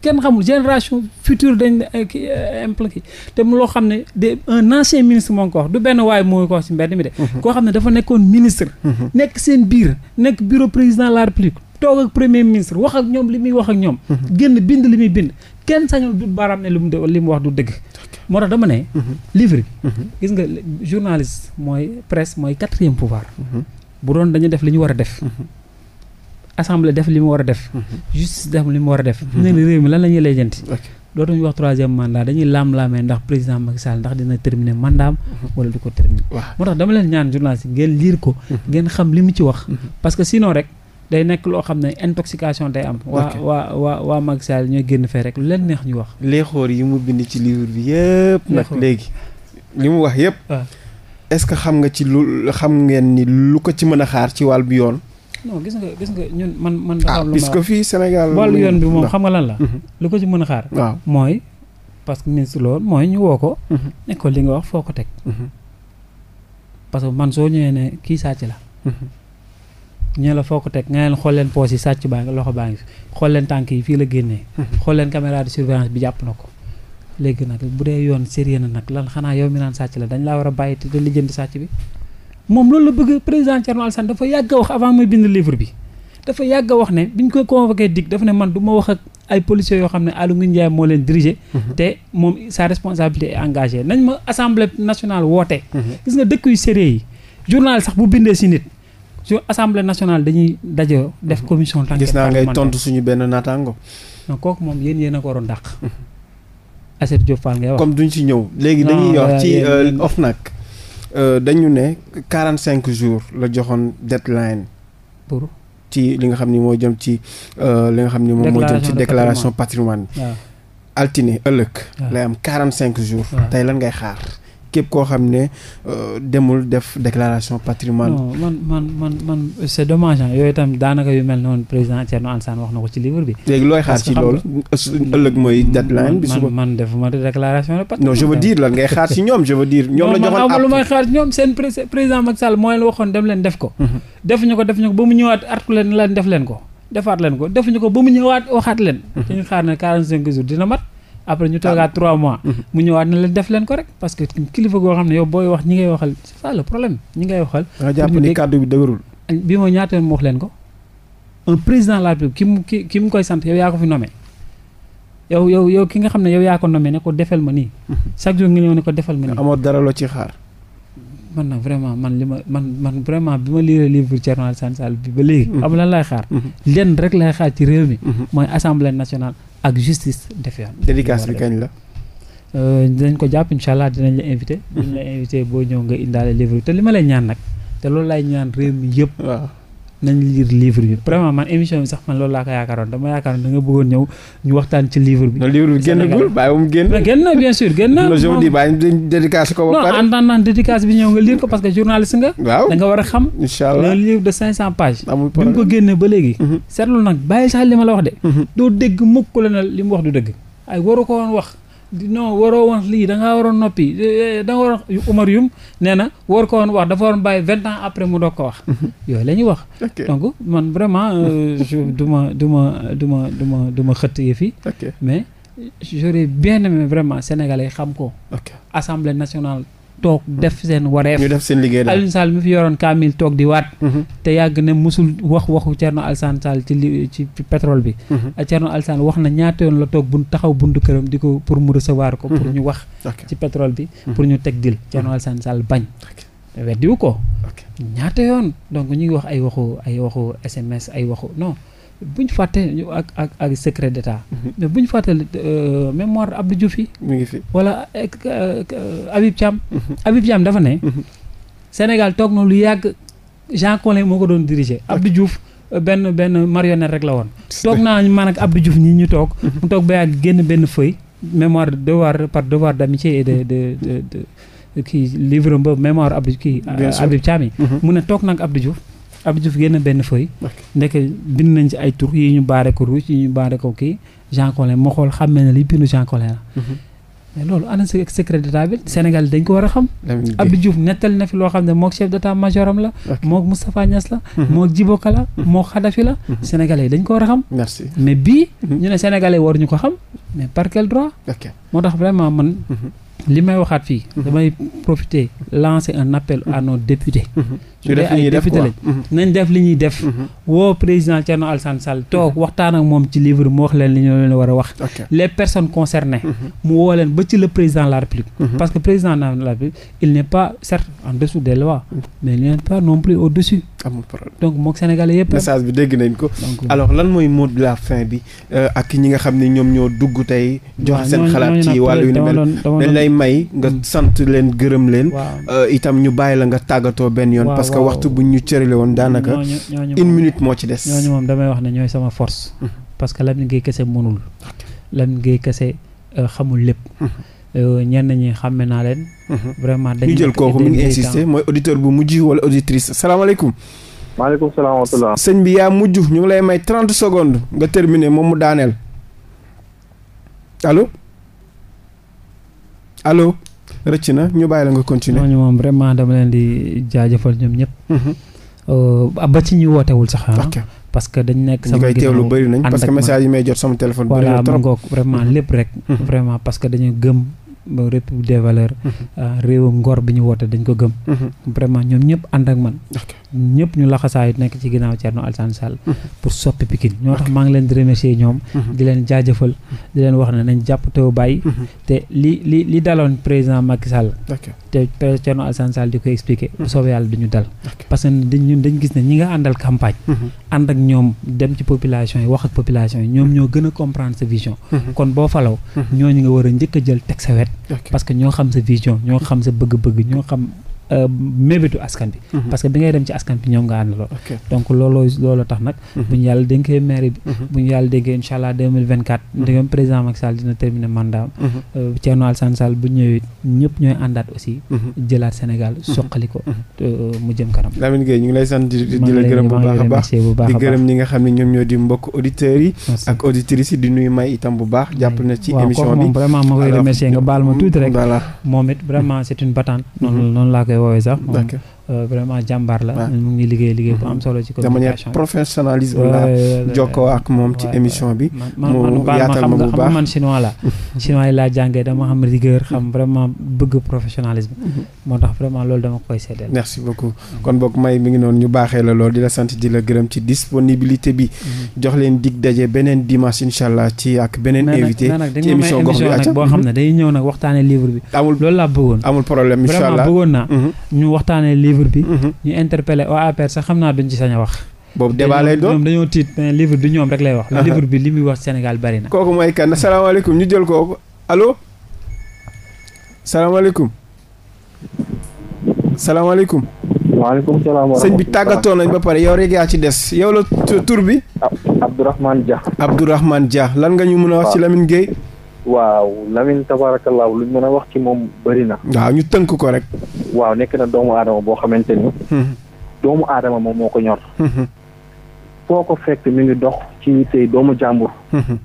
kenn xamul génération future dañ euh, kii euh, te mu loo xam ne de un ancien ministre moo ngi ko wax benn waay moo ngi ko mi de. Mhm. koo xam ne dafa nekkoon ministre. Mhm. nekk seen biir nekk bureau président de la république toog ak premier ministre wax ak ñoom li muy wax ak ñoom. Mhm. génn bind li muy bind kenn sañul du baaraam ne li mu li mu wax du dëgg. moo tax dama ne. Mhm. livre. Mhm. gis nga journaliste mooy presse mooy quatrième pouvoir. Mhm. bu doon dañu def li ñu war a def. assemblée def li mu war a def. justice def li mu war a def. ñu ne réew mi lan la ñuy léjanti. dootuñu wax troisième mandat dañuy laam-laamee ndax président Macky Sall ndax dina terminer mandaam wala du ko terminer. moo tax dama leen ñaan journaliste ngeen lire ko. ngeen xam li mu ci wax. parce que sinon rek. day nekk loo xam ne intoxication day am. waa waa waa waa Macky Sall ñooy génn fee rek lu neex ñu wax. léexoor yi mu bind ci livre bi yëpp. nag léegi li mu wax yëpp. Ah. est-ce que xam nga ci lu xam ngeen ni lu ko ci mën a xaar ci wàllu yoon. non gis nga gis nga ñun man man. Ah, am lu fii Sénégal. wàllu yoon bi moom xam nga lan la. Mhm. lu ko ci mën a xaar. waaw mooy parce que ministre lool mooy ñu woo ko. Mhm. ne ko li nga wax foo ko teg. Mhm. parce que man soo ñëwee ne kii sàcc la. ñu foo ko teg nga leen xool leen poos yi sàcc baa ngi loxo baa ngi fi xool leen tànk yi fii la génnee mm-hmm. xool leen caméra de surveillance bi jàpp na ko léegi nag bu dee yoon sérieux na nag lan xanaa yow mi naan sàcc la dañ laa war a bàyyi te da lijjanti sàcc bi moom loolu la bëgg président Thierno Alassane dafa yàgg a wax avant bind livre bi dafa yàgg wax ne biñ koy convoqué dig dafa ne man du ma wax ak ay policiers yoo xam ne Aliou Ngouille Ndiaye moo leen diriger. Mm-hmm. te moom sa responsabilité est nañ ma assemblée nationale woote. Mm-hmm. gis nga dëkk yu sérieux yi journal sax bu bindee si nit su assemblée nationale dañuy daje def mhm. commission d'enquête gis naa suñu benn naataango. non moom yéen yéen a ko waroon dàq. Aïssatou Diop Fall ngay ci ñëw léegi dañuy wax euh, ci euh, OFNAC euh, dañu ne quarante cinq jours la joxoon deadline. pour ci li nga xam ni moo jëm ci li nga xam ni moom moo jëm ci déclaration patrimoine altine ëllëg. lay am quarante cinq jours. tey lan ngay xaar. képp koo xam ne euh, demul def déclaration patrimoine man man man man c'est dommage yooyu tam daanaka yu mel noonu président Thierno Alassane wax na ko ci livre bi. léegi looy xaar ci loolu. ëllëg mooy deadline bi suba man defuma déclaration de patrimoine. non je veux lan ngay xaar ci ñoom je veux ñoom la joxoon ab lu may xaar ci ñoom seen président Macky Sall mooy waxoon dem leen def ko. Mhm. defuñu ko defuñu ko ba mu ñëwaat article leen def leen ko defaat leen ko defuñu après ñu toogaat 3 mois. Mm-hmm. mu ñëwaat ne la def leen ko rek parce que kilifa goo xam ne yow booy wax ñi ngay waxal c'est ça le problème ñi ngay waxal. da nga jàpp ni kàddu bi dëgërul. bi mooy ñaata yoon mu leen ko. un président de ki mu ki ki mu koy sant yow yaa ko fi nommé. yow yow yow ki nga xam ne yow yaa ko nommé ne ko defal ma nii. Mm-hmm. chaque jour nga ñëw ne ko defal ma nii. amoo dara loo ci xaar. man na vraiment man li ma man man vraiment bi ma liiree livre Thierno Alassane Sall bi ba léegi. Mm-hmm. am lan lay xaar. lenn rek lay xaar ci réew mi. mooy assemblée nationale. ak justice def yoon. bi kañ la. Euh, dinañ ko jàpp incha allah dinañ la invité. dinañ la invité boo ñëw nga indaale livre te li ma lay ñaan nag te loolu lay ñaan réew mi yëpp. waaw nañ lire livre bi vraiment man émission bi sax man loolu laa ko yaakaaroon dama yaakaaroon da nga bëggoon ñëw ñu waxtaan ci livre bi. non livre bi génn gul bàyyi mu génn. génn en attendant dédicace bi ñëw nga lire ko parce que journaliste nga. waaw da nga war a xam. incha allah le livre de 500 pages. amul problème bi mu ko génnee ba léegi. Mhm. seetlu nag bàyyi sax li ma la wax de. Mhm. doo dégg mukk la ne li mu wax du dëgg. ay waru ko wax. non waroo woon lii dangaa ngaa waroon noppi eh, eh, da nga waroon Umar Yum nee na war ko wax dafa waroon bàyyi vingt ans après mu doo ko wax. Mhm. yooyu la ñuy wax. donc man vraiment euh, du ma du ma du ma du ma du ma xëtt yi mais j'aurais bien vraiment sénégalais xam ko. assemblée nationale. toog mhm. def seen wareef. ñu def seen liggéey daal Alioune Sall mi fi yoroon Kamil toog di waat. Mhm. te yàgg ne musul wax waxu Thierno Alassane Sall ci li ci pétrole bi. Mhm. Ah, Thierno Alassane wax na ñaata yoon la toog bu taxaw buntu këram di ko pour mu recevoir ko. pour ñu wax ci pétrole bi. pour ñu teg dil Thierno Alassane Sall bañ. weddiwu ko. ñaata yoon donc ñu ngi wax ay waxu ay waxu SMS ay waxu non. bu ñu fàtte ak ak ak secret de mhm. mais bu ñu fàtte euh, mémoire Abdou Diouf yi mi ngi fi wala euh, euh, Habib Thiam mhm. Habib Thiam dafa ne mhm. Sénégal toog na lu yàgg Jean Collin moo ko doon diriger Abdou Diouf benn benn marionnette rek la woon toog naa man ak Abdou jouf ñi ñu toog mu toog ba yàgg génn benn feuille mémoire devoir par devoir d'amitié et de de de kii livre ba mémoire Abdou kii Habib Thiam yi mu ne toog nag Abdou Diouf Abdou Diouf génn benn feuille. ndek bind nañ ci ay tur yi ñu baare ko rouge yi ñu baare ko kii Jean Collin moo xool xam ne lii bindu Jean Collin la. Mhm. mais loolu ana secret d'état bi Sénégal dañ ko war a xam. Abdou Diouf nettali na loo xam ne moog chef d'état majoram la. moog Moustapha Niass la. Mhm. moog Djiboka la moog mhm. Khadafi la. Sénégalais dañ ko war a xam. mais bii. ñu ne Sénégalais waruñu ko xam mais par droit. moo tax vraiment man. li may waxaat fii. Mhm. damay profiter lancer un appel à nos députés. Mhm. su dee ay député mhm. nañ def li ñuy def. woo président Thierno Alassane Sall toog waxtaan ak moom ci livre mu wax leen li ñu leen war a wax. les personnes concernées. mu woo leen ba ci le président la République. parce que président de la République il n'est pas certes en dessous des lois. mais il n'est pas non plus au dessus. donc moog Sénégalais yëpp. message bi dégg nañ ko. alors lan mooy mot de la fin bi euh, ak ñi nga xam ne ñoom ñoo dugg tey. jox seen may nga mm. sant leen gërëm leen euh, itam ñu bàyyi la nga tàggatoo benn yoon parce que waxtu bu ñu cërale woon daanaka une minute moo ci des ñooñu moom damay wax ne ñooy sama force mm-hmm. parce que Lamine Gueye kese mënul Lamine Gueye kese euh, xamul lépp mm-hmm. euh, ñenn ñi xàmme naa leen mm-hmm. vraiment dañu jël kooku mi ngi insister mooy auditeur bu mujj wala auditrice salaamaaleykum maaleykum wa rahmatulah sëñ bi yaa mujj ñu ngi lay may trente secondes nga terminer moom mu daaneel allo rëcc na ñu bàyyi la nga continuer ñooñu moom vraiment dama leen di jaajëfal ñoom ñëpp. Mhm. Euh, ba ci ñi wootewul sax ah. parce que dañ nekk sama ginnaaw teewlu bëri nañ parce message yi may jot sama téléphone. bëri na trop mu ngoog vraiment mhm. lépp rek. Mhm. vraiment parce dañu gëm ba république des valeurs mhm. euh, réewam ngor bi ñu woote dañ ko gëm mhm. vraiment ñoom ñëpp ànd ak man ñëpp ñu laxasaayu nekk ci ginnaaw Thierno Alassane Sall mhm. pour soppi Pikine ñoo tax maa ngi leen di ñoom di leen jaajëfal di leen wax ne nañ jàpp teew bàyyi te li li li daloon président Macky Sall te Thierno Alassane Sall di ko expliquer bu soobee yàlla duñu dal parce que dañ gis ne ñi nga àndal campagne ànd ak ñoom dem ci population yi wax ak population yi ñoom ñoo gën a comprendre sa vision mm-hmm. kon boo falaw mm-hmm. ñooñu nga war a jëkk a jël teg sa wet parce que ñoo xam sa vision ñoo xam sa bëgg-bëgg ñoo xam Euh, mébétu askan bi mhm. parce que bi ngay dem ci askan bi ñoom nga àndaloo donc looloo looloo tax nag mhm. bu ñu yàlla dénkee maire bi mhm. bu ñu yàlla dénkee incha allah 2024 ndegam président Macky euh, ko euh, mu jëm kanam Lamine Gueye di la gërëm bu baax a baax di gërëm ñi nga xam ne ñoom ñoo di mbokk auditeurs yi ak auditrices yi di nuyu may itam bu baax jàpp na ci émission bi vraiment ma koy remercier nga baal ma tuuti rek moom it vraiment c'est une battante noonu laa koy koy woowee sax. Euh, vraiment jàmbaar la. mu ngi liggéey liggéey bu mm-hmm. am solo ci communication. de manière professionnalisme la jokkoo ak moom ci émission bi. mu yaatal ma bu baax man chinois la. Mm-hmm. chinois yi laa jàngee dama xam rigueur xam mm-hmm. vraiment bëgg professionnalisme. moo tax vraiment loolu dama koy seddeel. merci beaucoup kon boog may mi ngi noonu ñu baaxee la lool di la sant di la gërëm ci disponibilité bi. jox leen dig daje beneen dimanche incha allah ci ak beneen. invité ci émission gox bi nag boo xam ne dañuy ñëw nag waxtaanee livre bi. amul loolu laa bëggoon amul problème incha allah vraiment bëggoon livre bi. Mhm. ñu interpellé waa APR sax xam naa duñ ci sañ a wax. boobu débat lay doon ñoom dañoo tiit livre bi ñoom rek lay wax. livre bi li muy wax Sénégal bari na. kooku mooy kan asalaamaaleykum ñu jël kooku allo. salaamaaleykum. salaamaaleykum. waaleykum salaam sëñ bi tàggatoo nañ ba pare yow rek yaa ci des yow la tur bi. Abdourahmane Dia. Abdourahmane Dia lan nga ñu mën a wax ci Lamine Gueye. waaw Lamine tabaarakallaahu luñ mën a wax ci moom bëri na. waaw ñu tënk ko rek. waaw nekk na doomu aadama boo xamante ni. Hmm. doomu aadama moom moo ko ñor. Hmm. foo ko fekk mi ngi dox ci tey doomu jàmbur. Hmm.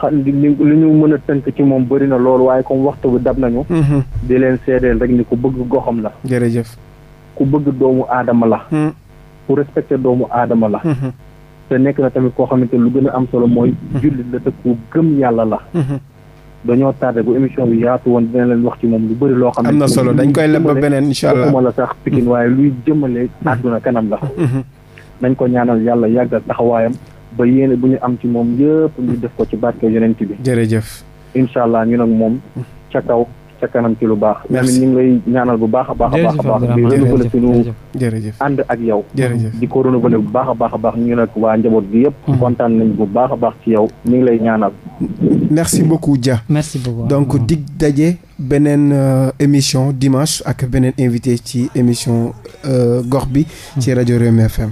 xam li ñu mën a tënk ci moom bëri na loolu waaye comme waxtu bi dab nañu. di leen seedeel rek ni ku bëgg goxam la. jërëjëf. ku bëgg doomu aadama la. ku respecté doomu aadama la. te nekk na tamit koo xamante lu gën a am solo mooy mhm. jullit la te gëm yàlla la mhm. dañoo tardé bu émission bi yaatu woon dina leen wax ci moom lu bari loo xam ne am na solo dañ koy leb ba beneen incha allah la sax Pikine mhm. luy jëmale àdduna kanam la nañ ko ñaanal yàlla yàggal taxawaayam ba yéene bu ñu am ci moom yëpp ñu def ko ci barke yonent bi jërëjëf incha allah ñu nag moom ca kaw ca kanam ci lu baax. merci ñu ngi lay ñaanal bu baax a baax. a baax di renouveler suñu ànd ak yow. bu baax a baax a baax ñu nag waa njaboot bi yëpp. Mm-hmm. nañ bu baax a baax yow ñu ngi lay ñaanal. merci beaucoup Dia. merci beaucoup donc dig daje beneen euh, émission dimanche ak beneen invité ci émission euh, gox bi. ci mm-hmm. rajo Rewmi FM.